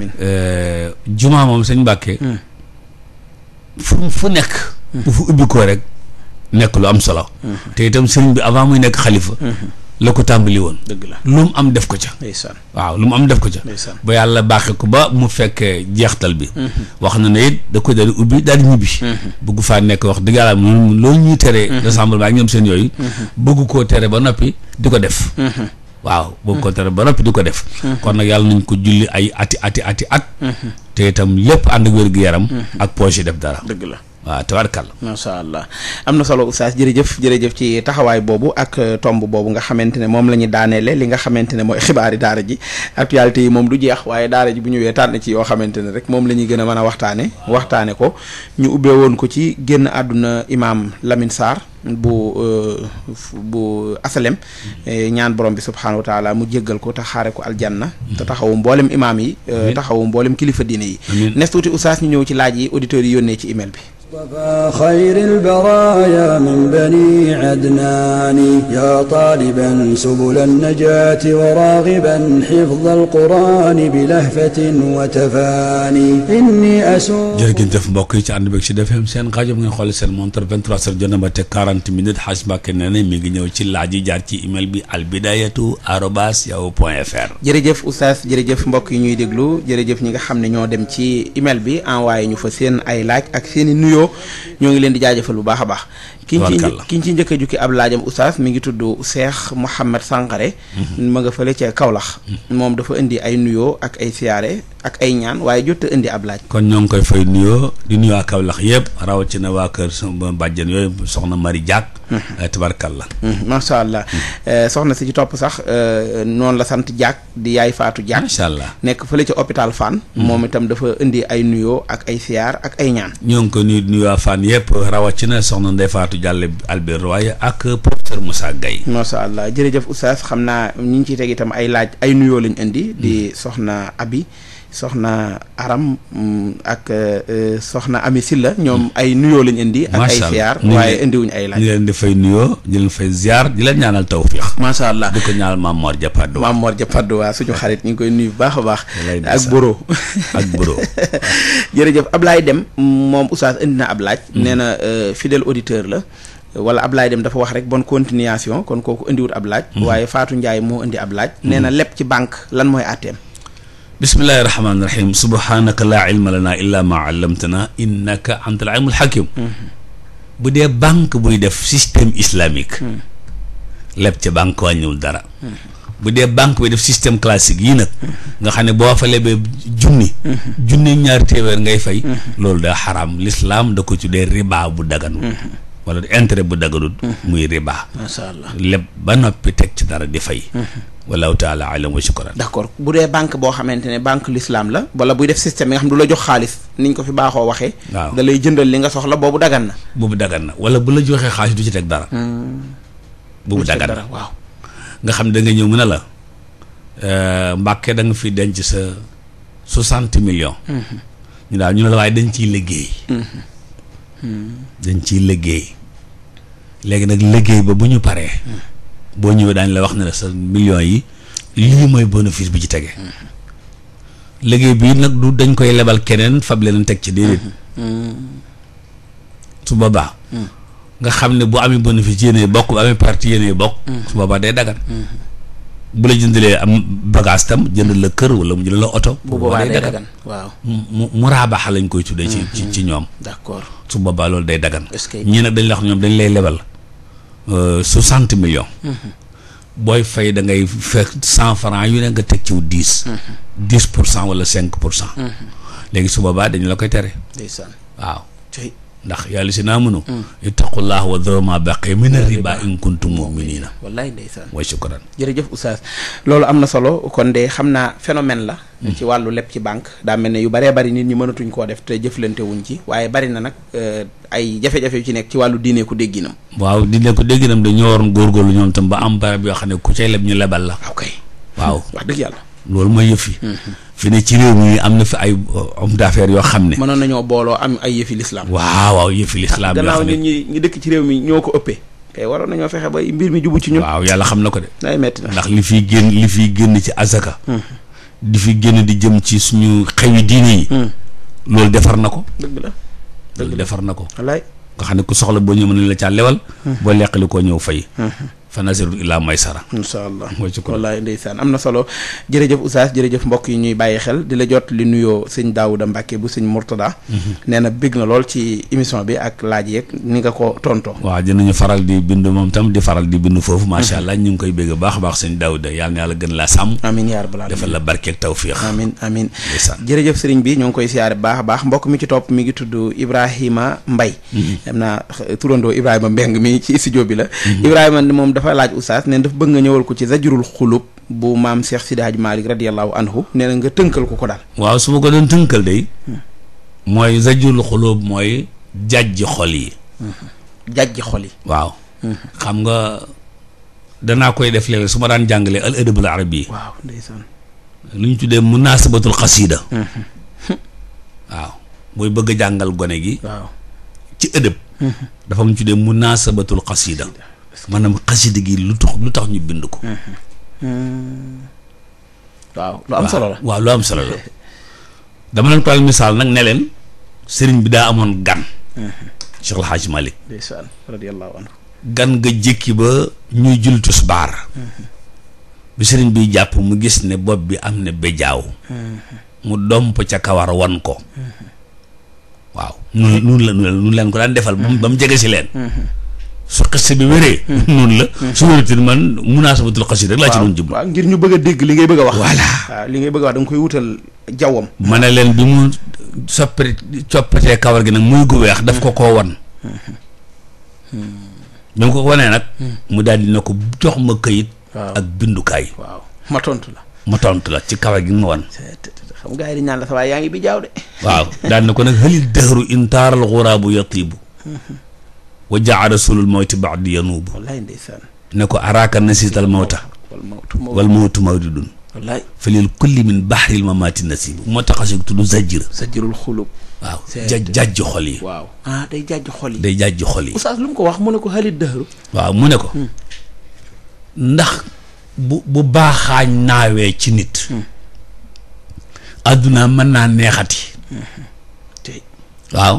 jumaa moom sëñ Mbàkke hmm. fu fu nekk bu hmm. fu ubbi ko rek nekk lu am solo. Mm-hmm. te itam sëriñ bi avant muy nekk xalifa. Mm-hmm. la ko tàmbali woon. dëgg la lu mu am def ko ca. waaw lu mu am def ko ca. ba yàlla baaxee ko ba mu fekkee jeextal bi. Mm-hmm. wax na ne it da koy daal ubbi daal di ñibbi. bëgg faa nekk wax dëgg yàlla loolu ñuy tere. rassemblement ak ñoom seen yooyu. bëgg koo tere ba noppi di ko def. waaw bëgg koo tere ba noppi du ko def. kon nag yàlla nañ ko julli ay ati ati ati at. te itam lépp ànd ak wér-gu-yaram. ak poche def dara. dëgg la. waaw tabarkal macha allah am na solo oustaz jërëjëf jërëjëf ci taxawaay boobu ak euh, tomb boobu nga xamante ne moom la ñu daaneele li nga xamante ne mooy xibaari daara ji actualité yi moom du jeex waaye daara ji bu ñëwee tànn ci yoo xamante ne rek moom lañuy ñuy gën a mën a waxtaane waxtaane ko ñu ubbee woon ko ci génn àdduna imaam lamin Sarr bu euh, bu asalem mm-hmm. eh, ñaan borom bi subxanahu wa taala mu jéggal ko te xaare ko aljanna. Mm-hmm. te taxawu mboolem imaam yi. Euh, taxawu mboolem kilifa diine yi. nes tuuti ñu ñëw ci laaj yi auditeurs yi yónnee ci email bi. مصطفى خير البرايا من بني عدنان يا طالبا سبل النجاة وراغبا حفظ القرآن بلهفة وتفاني إني أسوق jërëjëf mbokk yi ci ànd bi ci defem seen rajo bi ngeen xool seen montre 23 heures jot na ba teg 40 minutes xaj Mbàkke nee na mi ngi ñëw ci laaj yi jaar ci email bi albidayatu arobas yahoo point fr jërëjëf oustaz jërëjëf mbokk yi ñuy déglu jërëjëf ñi nga xam ne ñoo dem ci email bi envoyé ñu fa seen ay laaj ak seeni nuyoo nuyoo ñoo ngi leen di jaajëfal bu baax a baax ki ñu ci njëkk a jukki ab laajam oustaz mi ngi tudd Cheikh Mouhamed Sangaré mhm. ma nga fële ca Kaolack mhm. moom dafa indi ay nuyo ak ay siyaare ak ay ñaan waaye jot indi ab laaj kon ñoo ngi koy fay nuyoo di nuyoo ak Kaolack yëpp rawatina waa kër sama bàjjen yooyu soxna Mari Diak mhm. eh, tabarkalla macha allah eh, soxna si ci topp sax eh, noonu la sant Diak di yaay Faatu Diak allah nekk fële ca hôpital Fann moom itam dafa indi ay nuyoo ak ay siyaar ak ay ñaan ñoo ko nuyu yëpp rawatina soxna Ndey Faatu Fatou Diallo Albert Royer ak professeur Moussa Gueye macha allah jërëjëf oustaz xam naa ñu ngi ciy teg itam ay laaj ay nuyoo lañ indi di hmm. soxna Abi soxna Aram mm, ak euh, euh, soxna Ami la ñoom ay nuyoo lañ indi. ak ay ziar waaye indiwuñ ay laaj. ñu leen di fay nuyoo ñu leen fay ziar di leen ñaanal tawfiq. macha allah di ko ñaanal Maam Mor Japaddu. Maam Mor Japaddu waa suñu xarit ñu ngi koy nuy bu baax a baax. ak boro ak boro jërëjëf Ablaye Dem moom Oustaz indi na ab laaj. Mm. nee na euh, fidèle auditeur la. wala laay Dem dafa wax rek bon continuation kon kooku indiwut ab laaj. Mm. waaye faatu Ndiaye moo indi ab laaj. nee na leb ci banque lan mooy àtteem. bismillahi rahmaani rahim subhanaka laa ilma lana illa ma allamtana innaka antal alimul hakim mm-hmm. bu dee banque buy def système islamique mm-hmm. leb ca banque wàññiwul dara mm-hmm. bu dee banque bi def système classique yii nag nga xam ne boo fa lebee junni junni ñaar téeméer ngay fay loolu daa xaraam lislaam da ko tuddee riba bu daganul wala intérêt bu daganut mhm. muy riba macha allah leb ba noppi teg ci dara di fay mhm. wallahu taala alam wa shukran d' accord bu dee banque boo xamante ne banque l'islam la wala buy def système yi nga xam du la jox xaalis niñ ko fi baaxoo waxee waaw da lay jëndal li nga soxla boobu dagan na boobu dagan na wala bu la joxee xaalis du ci teg dara hmm. bu dagan na waaw nga xam da nga ñëw mën a la euh, Mbàkke da nga fi denc sa soixante millions mhm. ñu daal ñu ne la waaye dañ ciy liggéey dañ ciy liggéey léegi nag léggéey ba bu ñu paree boo ñëwee daañ la wax ne la sa millions yi lii mooy bénéfice bi ci tege liggéey bii nag du dañ koy lebal keneen fab leen teg ci déedéet su boobaa nga xam ne bu amee bénéfice yéenee bokk bu amee parti yéenee bokk su boobaa day dagan bu la jëndalee am bagage tam jënd la kër wala mu jënd la oto. bu boobaa day dagan waaw mu mu lañ koy tuddee. ci ci ci ñoom. d'accord su boobaa loolu day dagan. ñii nag dañ la wax ñoom dañ lay lebal euh, soixante millions. Mhm. booy fay da ngay fekk cent franc yu ne nga teg ciw dix. Mhm. dix pour cent wala cinq pour cent. Mhm. léegi su boobaa dañu la koy tere. ndeysaan waaw. ndax yàlla si naa mënu mm. ittaqullah wa dharu ma baqiya min ar-riba in kuntum mu'minina wallaay ndeysaan wa shukran jërëjëf oustaz loolu am na solo kon de xam naa phénomène la mm. ci wàllu leb ci banque daa mel ne yu baree bari nit ñi mënatuñ koo def te jëflante wuñ ci waaye bari na nag euh, ay jafe-jafe yu ci nekk ci wàllu diine ko dégginam waaw diine ku dégginam dañoo waroon lu ñoom tam ba am barab yoo xam ne ku cay leb ñu lebal la ok waaw wax dëgg yàlla loolu mooy yëf yi. fi ne ci réew mi am na fi ay euh, homme d'affaires yoo xam ne. mënoon nañoo booloo am ay yëfi lislaam. waaw waaw yëfi lislaam. gannaaw ñun ñi dëkk ci réew mi ñoo ko ëppee. tey waroon nañoo fexe ba mbir mi jubu ci ñun. waaw yàlla xam na ko de. day ndax li fiy génn li fi génn ci azaka. Hmm. di fi génn di jëm ci suñu xewi diine yi. Hmm. loolu defar na ko. dëgg la dëgg defar na ko. wallaay nga xam ne ku soxla boo ñëw mën la caa lewal. Hmm. boo leqali koo ñëw fay. fanazirun ila maysara incha allah mooy ci wallaay ndeysaan am na solo jërëjëf oustaz jërëjëf mbokk yi ñuy bàyyi xel di la jot li nuyoo sëñ Daouda Mbacke bu sëñ Mourtada mhm. nee na bég na lool ci émission bi ak laaj yeeg ni nga ko tontoo waaw dinañu faral di bind moom tam di faral di bind foofu macha mhm. allah ñu ngi koy bégg baax baax sëñ Daouda yàlla na yàlla gën laa sàmm amin yaa rabbal defal la barkeeg tawfiq amin amin jërëjëf sëriñ bi ñu ngi koy siyaare baax baax mbokk mi ci topp mi ngi tudd Ibrahima Mbay mhm. am naa turandoo Ibrahima Mbeng mi ci studio bi la Ibrahima dafa laaj oustaz neen dafa bëgg nga ñëwal ko ci zajrul xulub bu maam Cheikh Sidi Hadj Malick radiyallahu anhu nee na nga tënkal ko ko daal. waaw su ma ko doon tënkal day hmm. mooy zajrul xulub mooy jàjji xol yi. Hmm. jàjji xol yi. waaw. Hmm. xam nga danaa koy def léegi su ma daan jàngalee al adabul arabi. waaw ndeysaan. lu ñu tuddee munaasabatul xasiida. waaw booy bëgg a jàngal gone gi. waaw ci ëdëb. dafa mu tuddee munaasabatul xasiida. maanaam xasida gi lu tax lu tax ñu bind ko. waaw lu am solo la waaw lu am solo dama leen toog misaal nag ne leen sëriñ bi daa amoon gan. Cheikh El Hadj Malick. gan nga jékki ba ñuy jul tisbaar. bi sëriñ biy jàpp mu gis ne bopp bi am na bejaaw. mu domp ca kawar wan ko. waaw nu nu la leen ko daan defal. ba jege si leen. su xasee bi wéree. noonu la. su wératin man munaasabatul xasida rek laa ci doon jëm. waaw ngir ñu bëgg a dégg li ngay bëgg a wax. voilà li ngay bëgg a wax da koy wutal jawwam. ma ne leen bi mu soppite coppitee kawar gi nag muy gu weex daf ko koo wan. bi mu ko wanee nag. mu daal di ko jox ma këyit. ak bindukaay. waaw ma tontu la. ma tontu la ci kawar gi mu wan. xam nga yi ñaan yaa ngi bi jaaw de. waaw daal na ko nag xëlil dëxëru intaaral xuraabu yatiibu wa jaa rasulul mawti baadi yanuubu wallaay ne ko araaka nasiital mawta wal mawtu mawridun wallaay fa lil kulli min bahril moo tax a tudd zajjir zajjirul xulub waaw ja jàjj xol ah, xol yi day jàjj xol lu mu ko wax mu ne ko xalit dëhëru waaw mu ne ko hmm. ndax bu bu baaxaañ naawee ci nit àdduna hmm. mën naa neexati hmm. waaw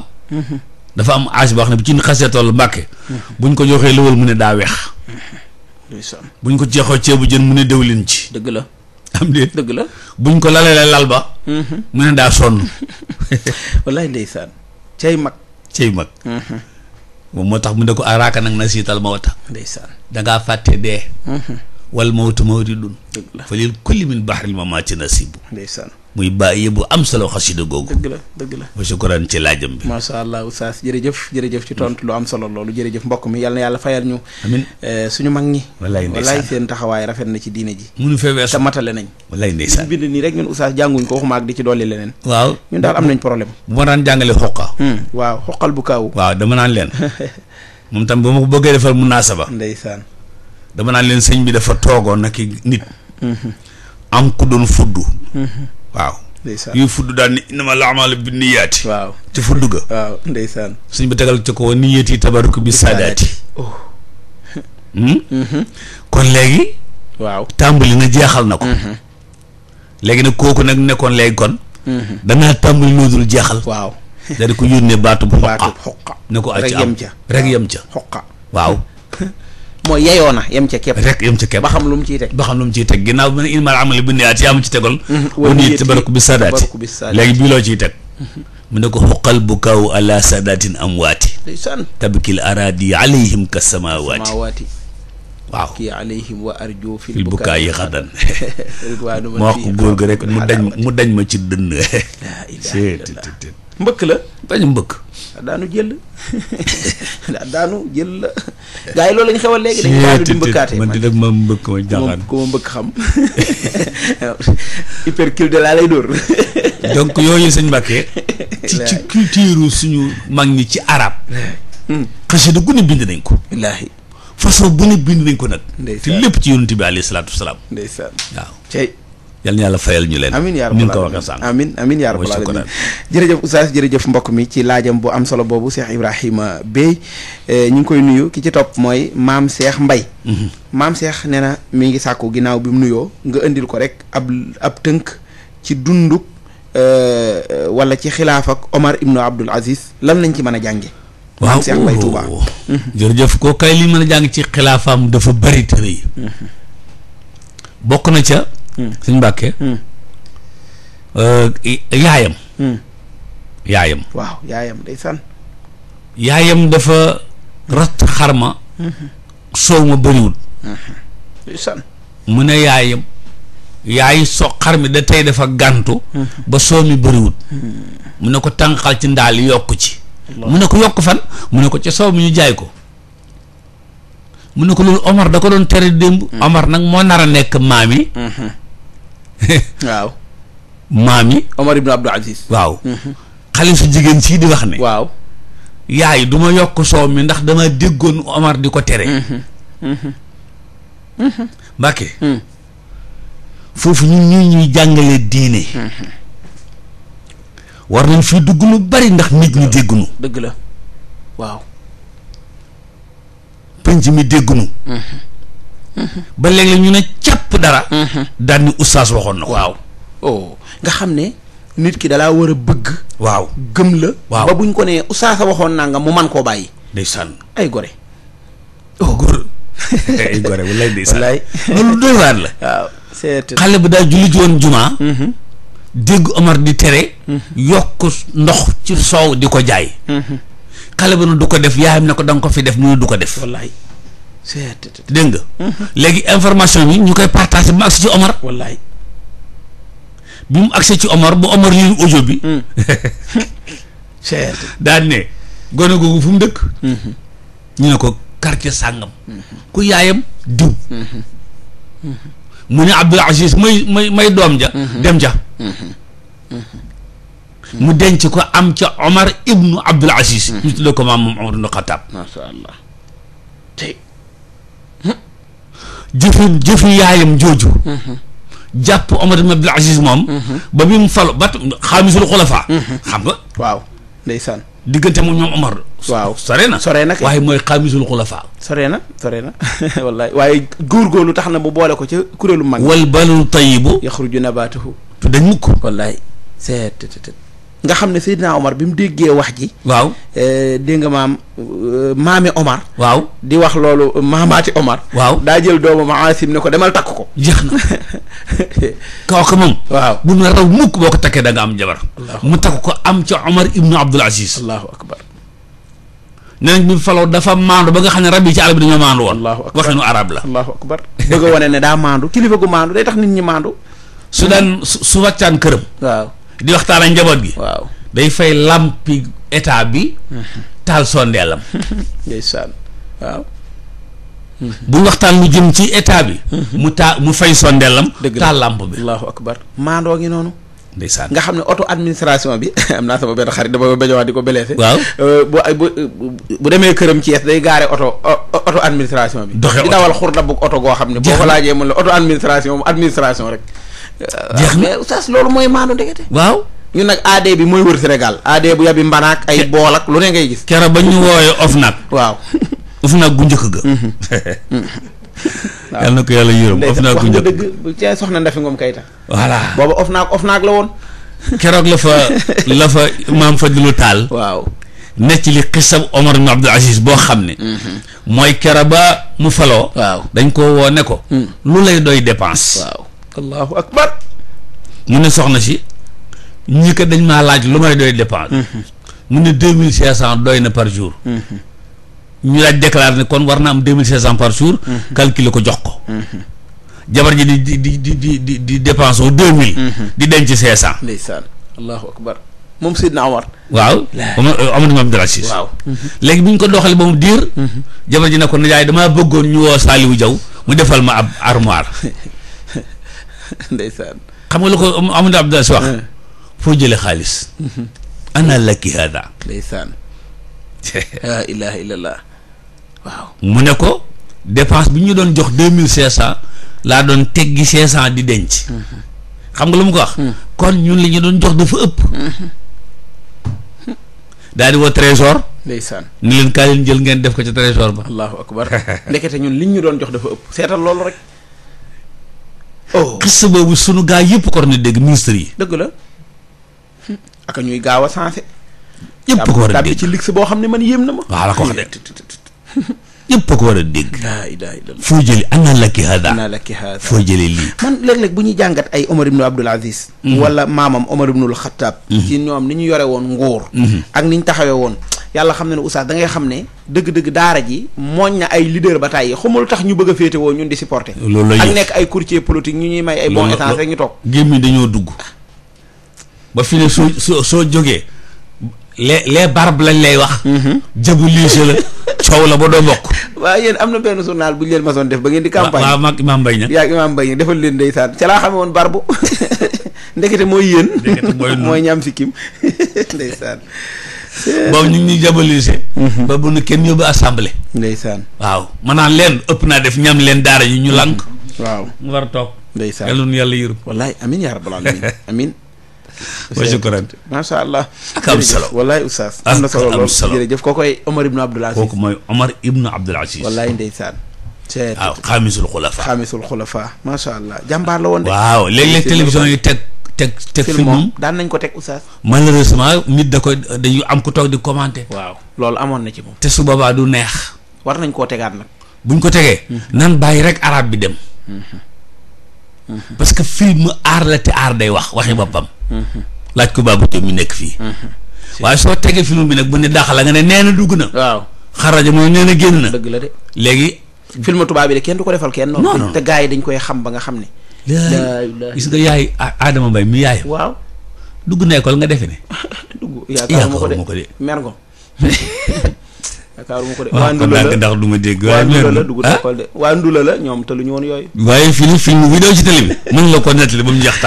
dafa am âge boo xam ne bu ci xasee toll bu buñ ko joxee lëwal mu ne daa weex buñ ko jeexoo ceebu jën mu ne dëwlin ci dëgg la am déet dëgg la buñ ko la lal ba mhm. mu ne daa sonn wallaay ndeysaan cey mag cey mag mhm. moo tax mu ne ko araaka nag na siital mawta ndeysaan dangaa fàtte dee mhm. wal mawtu mawridun fa lil kulli min bahril mamaati nasibu ndeysaan muy bàyyi bu am solo googu. dëgg la dëgg la ba sukkuraan ci laajam bi. macha allah oustaz jërëjëf jërëjëf ci tontu lu am solo loolu jërëjëf mbokk mi yal na yàlla fayal ñu. amiin eh, suñu mag ñi. wallaay seen taxawaay rafet na ci diine ji. munu fee sa te matale nañ. wallaay ndeysaan bind nii rek ñun oustaz jànguñ ko waxuma ak di ci dolli leneen. waaw ñun daal am nañ problème. bu ma daan jàngalee xoqa. Hmm, waaw xoqal bu kaaw. waaw dama naan leen moom tam bu ma ko bëggee defal munaasaba. ndeysaan dama naan leen sëñ bi dafa toogoon waaw. ndeysaan yuy fudd daal ni la a'maalu bi waaw ci fudd ga. waaw suñ bi tegal ci ko niyyati tabarruku bi saadaati. Oh. Hmm? Mm-hmm. kon léegi. waaw tàmbali na jeexal na ko. Mm-hmm. léegi nag kooku nag nekkoon léegi kon. Mm-hmm. danaa tàmbali loo dul jeexal. waaw da ko yónnee baatu bu baatub xoqa ne ko. rek ca rek yem ca xoqa waaw. mooy yeyoo na yem ca képp rek yem ca képp ba xam lu mu ciy teg ba xam lu mu ciy teg ginnaaw bi ne il mal amali at yaa mu ci tegal bu nii tabaraku bi sadaati léegi bii loo ciy teg mhm. mu ne ko xuqal bu kaw ala sadatin amwaati tabkil araadi alayhim ka samawaati waaw kii alayhim wa arju fil bukaa yi xadan moo wax ko góor gi rek mu dañ mu dañ ma ci dënn mbëkk la. bañu mbëkk. daanu jël daanu jël la. gars yi loolu la ñu xewal léegi dañu daanu di mbëkkaate man di nag ma mbëkk ma jaaxaan ku ma mbëkk xam hypercule de laa lay dóor. donc yooyu sëñ Mbacke. ci ci culture suñu mag ñi ci araab hmm. xasida gu ne bind nañ ko. wallaahi. façon bu ne bind nañ ko nag. te lépp ci yonent bi alayhi salaatu salaam. waaw. yal na yàlla fayal ñu leen. amiin yaa rabbal aalamiin amiin amiin yaa rabbal mbokk mi ci laajam bu am solo boobu Cheikh Ibrahima Bey eh, ñu ngi koy nuyu ki ci topp mooy maam seex Mbay mhm. maam seex nee na mi ngi sàkku ginnaaw bi mu nuyoo nga indil ko rek ab ab tënk ci dunduk eh, wala ci xilaaf Omar Ibnu Abdul Aziz lan lañ ci mën a jànge maam Cheikh Mbay Touba mhm. jërëjëf koo kay li mën a jàng ci xilaafaam dafa bari tërëy mhm. bokk na ca suñ mbàkkee hmm. eh, yaayam hmm. yaayam waaw yaayam ndeysaan yaayam dafa rat xarma hmm. soow ma bëriwul ndeysaan mu ne yaayam yaay so xar mi da tey dafa gàntu ba soow mi bëriwul mun ne ko tànqal ci ndaal yokk ci mu ne ko yokk fan mun ne ko ca soow mi ñu jaay ko mu ne ko loolu Omar da ko doon tere démb Omar nag moo nar a nekk maam yi waaw. maami. Omar ibn Abdou Aziz. waaw. Mhm. xale su jigéen sii di wax ne. waaw. yaay duma yokk soow mi ndax dama déggoon Omar di ko tere. Mhm. Mhm. Mbàkke. Hmm. foofu ñun ñuy ñuy jàngale diine. war nañ fii dugg lu bari ndax nit ñi déggunu dëgg la waaw. penc mi déggunu ba léeg-léeg ñu ne càpp dara. Mm-hmm. daan ni waxoon na ko. waaw oh. nga xam ne nit ki dalaa war a bëgg. waaw gëm la. waaw ba buñ ko nee oustaz waxoon naa nga mu man koo bàyyi. ndeysaan ay gore. oh gore walaay ndeysaan walaay loolu doy waar la. waaw xale bi daal julli woon jumaa. Mm-hmm. dégg Omar di tere. Mm-hmm. yokk ndox ci soow di ko jaay. xale bi na du ko def yaayam ne ko da nga ko fi def ñu du ko def. wallaay. c'est dégg mhm. léegi information bi ñu koy partagé ci Omar. wallaay bi mu agsi ci Omar ba Omar lii audio bi. Mm. c'est ne gone googu fu mu dëkk. Mhm. ñu ne ko quartier sàngam. Mhm. ku yaayam diw. mu ne Abdul Aziz may may may doom ja. dem ja. mu denc ko am ca Omar ibnu Abdul Aziz. ñu tuddee ko maam moom Omar ibnu Xataab. jëfin jëfu yaayam jooju mm-hmm. jàpp Omar ibn Abdul Aziz moom mm-hmm. ba bi mu falo bat xaamisul xulafa mm-hmm. xam nga waaw ndeysaan diggante moom ñoom Omar waaw sore na sore na waaye mooy xaamisul xulafa sore na sore na wallaay waaye lu tax na bu boole ko ca kuréelu mag wal balul tayibu yaxruju nabatuhu tu dañ mukk wallaay nga xam ne Seydina Omar bi mu déggee wax ji. waaw eh, dégg nga maam eh, maami Omar. waaw di wax loolu maamaati Omar. waaw daa jël doomam Aasim ne ko demal takk ko. jeex na kooku moom. waaw bu na raw mukk boo ko takkee da am jabar. mu takk ko am ca Omar ibnu Abdul Aziz. allahu akbar. nañ bi faloo dafa maandu ba nga xam ne rab yi ci àll bi dañoo maandu woon. allahu akbar arab la. allahu akbar ne daa maandu kilifa gu maandu day tax nit ñi maandu. su daan su su këram. waaw. di waxtaan ak njaboot gi. waaw day fay làmpi état bi. taal sondeelam. ndeysaan waaw. bu waxtaan mu jëm ci état bi. Mhm. mu taa mu fay sondeelam. dëgg taal làmp bi allahu akbar maandoo ngi noonu. ndeysaan nga xam ne auto administration bi am naa sama benn xarit dama bañ a wax di ko beleese. waaw euh, bu bu bu demee këram Thiès day gaare auto auto administration bi. doxe di dawal xur dabbug auto goo xam ne. boo ko laajee mun la auto administration administration rek. Euh, jeex na loolu mooy maandu ndekete. waaw ñu nag AD bi mooy wër Sénégal AD bu yabi mbanaak ay bool ak lu ne ngay gis. keroog ba ñu woowee OFNAC. waaw OFNAC gu njëkk ga. waaw mhm. yal na ko yàlla yërëm OFNAC la woon. keroog la fa la fa maam Fadilou Tall. waaw. ne ci li xisab Omar ibn Abdul Aziz boo xam ne. Mhm. mooy kera ba mu faloo. waaw dañ ko woo ne ko. Mhm. lu lay doy dépense. allahu akbar mu ne soxna si ñi ko dañ maa laaj lu may doy dépense mm-hmm. mun ne deux mille cinq cent doy na par jour mm-hmm. ñu laaj déclaré ne kon war na am deux mille cinq par jour mm-hmm. calculer ko jox ko jabar ji di di di di di di dépense wu deux di denc cinq cent ndeysaan allahu akbar moom Seydina Omar waaw Omar eh, ibn Abdul Aziz waaw léegi bi ñu ko doxalee ba mu diir jabar ji na ko nijaay damaa bëggoon ñu woo saaliwu Diaw mu defal ma ab armoire ndeysaan xam nga lu ko Amadou Abdoulaye si wax foo eh. jëlee xaalis ana lakki hada ndeysaan laa ilaha illallah waaw mu ne ko dépense bi ñu doon jox deux mille cinq laa doon teggi cinq cent di denc mm-hmm. nga lu mu ko wax mm. kon ñun li ñu doon jox dafa ëpp mm-hmm. daal di woo trésor ndeysaan ni jël ngeen def ko ca trésor ba allahu akbar ndekete ñun liñ ñu doon jox dafa ëpp seetal loolu rek oh xis boobu sunu gaa yëpp ko war na dégg ministre yi. dëgg la ak ñuy gaaw a sensé. yépp ko war a ci ligg boo xam ne man yéem na ma. waaw la ko wax de. ñëpp a ko war a dégg. laa ilaaha illallaah foo jëlee ana laki hada. foo jëlee lii. man léeg-léeg bu ñuy jàngat ay Omar ibn Abdul Aziz. Mhm. wala maamam Omar ibn Khattab. Mhm. ci ñoom ni ñu yore woon nguur. Mhm. ak ni ñu taxawee woon. yàlla xam na ne oustaz da ngay xam ne dëgg-dëgg daara ji mooñ na ay leader ba tàyyi xamul tax ñu bëgg a féete woo ñun di supporter. loolu ak nekk ay courtier politique ñu ñuy may ay bon essence rek ñu toog. gémmi dañoo dugg ba fi ne soo soo soo jógee les les barab lañ lay wax. Mhm. jabu liise la coow la ba doo bokk. waaw yéen am na benn journal bu ñu leen masoon def ba ngeen di. campagne waaw mag Imaam Mbaye ña. yaa Imaam Mbaye ña defal leen ndeysaan ca laa xamee mooy yéen. mooy ñaam si kim ñu ngi ñuy jabalise mhm. ba bu nu kenn yóbbu assemblée. ndeysaan waaw maanaam leen ëpp naa def ñam leen daara yi ñu mhm. lànk. waaw mu war toog. ndeysaan yàlla nu yàlla yërëm. wallaay wa shukran macha allah ak am solo wallaay oustaz am na solo lool jërëjëf kookoy Omar ibnu Abdul Aziz kooku mooy Omar ibnu Abdul Aziz waaw xaamisul xulafa xaamisul macha allah jàmbaar la woon de yi teg teg teg moom daan nañ ko teg oustaz malheureusement nit da koy dañu am ku toog di commenter waaw loolu amoon na ci moom te su boobaa du neex war nañ koo tegaat nag buñ ko tegee mhm. nan bàyyi rek arab bi dem mhm. Mhm. parce que film aar la te aar day wax waxi boppam laaj ko baabu jëm mi nekk fii. waaye soo tegee film bi nag bu ne daax la nga ne nee na dugg na. waaw xaraja mooy nee génn na. dëgg la de léegi. film tubaab bi de kenn du ko defal kenn. non non te gars yi dañ koy xam ba nga xam ne. gis nga yaay Adama Mbaye mi yaay. waaw dugg na école nga defe ne. dugg yaakaaruma ko de yaakaaruma ko de mer ko. waa ndula la ndax du ma dégg. waaye la dugg ah? toppal de waa ndula la ñoom te lu ñu woon yooyu. waaye film film ko nettali ba mu jeex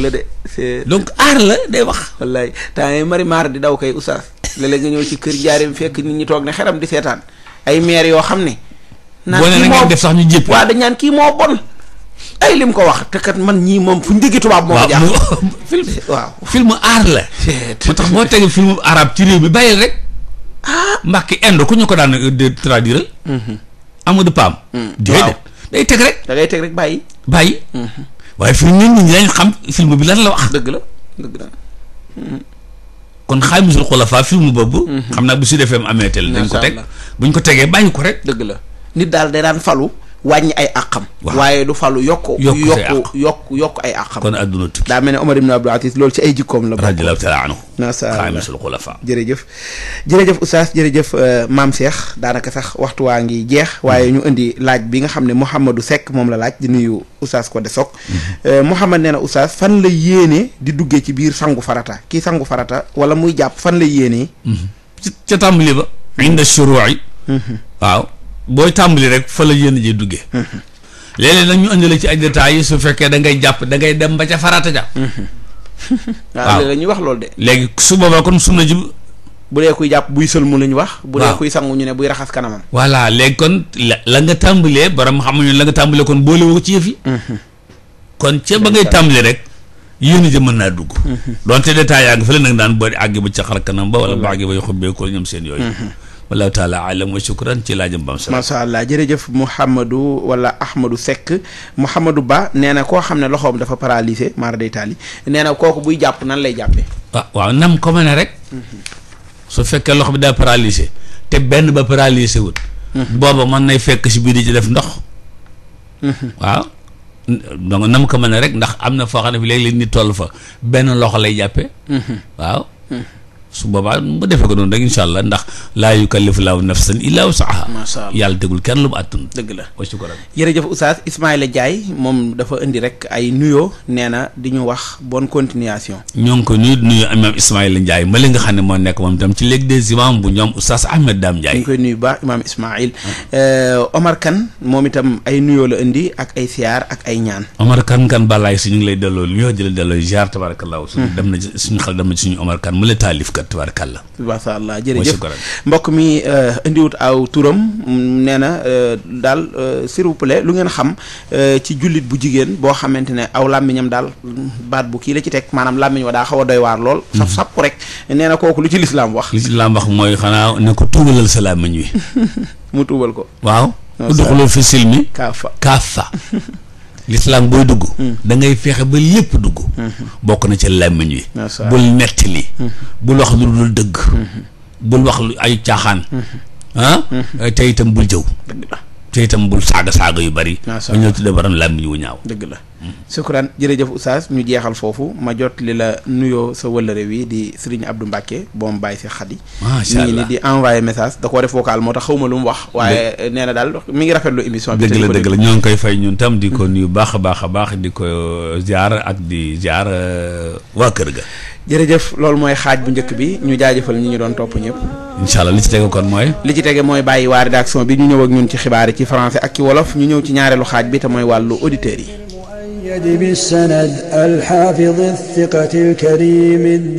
la de c'est donc aar la day wax. wallaay temps yii mari maar di daw kay oustaz léeg-léeg nga ci kër jaareem fekk nit toog ne xeram di seetaan ay maire yoo xam ne. naan kii moo def sax ñu jépp. waaw dañ naan kii moo bon. ay lim ko wax te man ñii moom fu ñu déggee moo ko jaaxal. waaw film waaw la. moo tax moo tegal film arabe ci réew mi bàyyil rek Mbacke Inde ku ñu ko daan euh, de traduire. Mhm. Amadou Pam. Mhm. waaw day teg rek. da ngay teg rek bàyyi. bàyyi. Mhm. waaye fi nit ñi dañ xam film bi lan la wax. dëgg la dëgg la. kon xaamisul xulafa film boobu. xam naa bu Sud FM amee tel dañ ko teg buñ ko tegee bàyyi ko rek. dëgg la nit daal day daan falu. wàññi ay àqam. waaye du falu yokk. yokk yokk yokk ay àqam. kon adduna tukki daa mel ne Omar ibn Abdul Aziz loolu ci ay jikkoom la. radiyallahu taala anhu. xaamisul xulafa jërëjëf jërëjëf oustaz jërëjëf euh, maam Cheikh daanaka sax waxtu waa ngi jeex. waaye hmm. ñu indi laaj bi nga xam ne Mouhamadou sekk moom la laaj di nuyu oustaz Codé Sock. Hmm. Euh, Mouhamad nee na oustaz fan la yéene di duggee ci biir sangu farata kii sangu farata wala muy jàpp fan la yéene. Hmm. ca tàmbali ba. inda shuruu'i waaw. booy tàmbali rek fa la yéen ji duggee. léeg-léeg nag ñu andi ci ay détails yi su fekkee da ngay jàpp da ngay dem ba ca faraata ja. waaw léegi ñu wax loolu de. léegi su boobaa kon sunna ji. bu dee kuy jàpp buy sëlmu la ñu wax. bu dee kuy sangu ñu ne buy raxas kanamam. voilà léegi kon la la nga tàmbalee borom xamuñu la nga tàmbalee kon boole woo ci yëf kon ca ba ngay tàmbalee rek. yéen ji mën naa dugg. donte détails yaa ngi fële nag daan boo àgg ba ca xar kanam ba. wala ba ñoom seen yooyu. wallaahu taala alam wa shukran ci laajam bam sa macha allah jërëjëf Mouhamadou wala Ahmadou Seck Mouhamadou Ba nee na koo xam ne loxoom dafa paralysé maar day taali nee na kooku buy jàpp nan lay jàppee. waaw ah, waaw nam ko mën a rek. Mhm. su fekkee loxo bi daa paralysé te benn ba paralysé wut. Mhm. booba mën nay fekk si biir di ci def ndox. Mhm. waaw donc nam ko mën a rek ndax am na foo xam ne fi léeg-léeg nit toll fa benn loxo lay jàppee. waaw. su boobaa mu defe ko noonu rek incha allah ndax laa yukallifu laahu nafsan illaa wusaha macha allah yàlla tegul kenn lu mu àttun dëgg la wa shukran jërëjëf oustaz Ismaïla Diaye moom dafa indi rek ay nuyoo nee na di ñu wax bonne continuation ñoo ngi ko nuyu nuyu imam Ismaïla Ndiaye ma li nga xam ne moo nekk moom itam ci léegi de imam bu ñoom oustaz Ahmed Dame Ndiaye ngi koy nuyu baax imam Ismaïl euh, Omar kan moom itam ay nuyoo la indi ak ay siyaar ak ay ñaan Omar Kane kan balaay si ñu ngi lay delloo nuyoo la hmm. dem na suñu xel dem na ci kat tubaarkàlla. macha allah jërëjëf mbokk mi euh, indiwut aw turam mm, nee na euh, daal euh, s'il vous lu ngeen xam ci jullit bu jigéen boo xamante ne aw làmmiñam daal mm, baat bu kii la ci teg maanaam làmmiñ wa daa xaw a doy waar lool. Mm-hmm. saf sàpp rek nee na kooku lu ci lislaam wax. li ci lislaam wax mooy xanaa ne ko tuubalal sa làmmiñ wi. mu tuubal ko. waaw. duxuloo fi silmi. kaafa kaafa. lislaam booy dugg mm. da ngay feexe ba lépp dugg mm-hmm. bokk na ci làmmiñ wi bul nettali mm-hmm. bul wax lu dul dëgg mm-hmm. bul wax lu ay caaxaan ah te itam bul jëw te itam bul saaga saaga yu bari bu ñëw ci defaram làmmiñ wu ñaaw dëgg la hmm. sukkuraan jërëjëf oustaz ñu jeexal foofu ma jot li la nuyoo sa wëllëre wi di Serigne Abdou Mbacke boom bàyyi si xadi macha allah di envoyé message da koo def vocal moo tax xawma lu mu wax waaye nee daal mi ngi rafetlu émission bi dëgg la dëgg la ñoo ngi koy fay ñun tam di ko hmm. nuyu baax a baax a baax di ko ziar ak di ziar euh, waa kër ga jërëjëf loolu mooy xaaj bu njëkk bi ñu jaajëfal ñi ñu doon topp ñëpp. incha allah li ci tege mooy. li mooy bàyyi waa rédaction bi ñu ñëw ak ñun ci xibaar yi ci français ak ci wolof ñu ñëw ci ñaareelu xaaj bi te mooy wàllu auditeurs yi.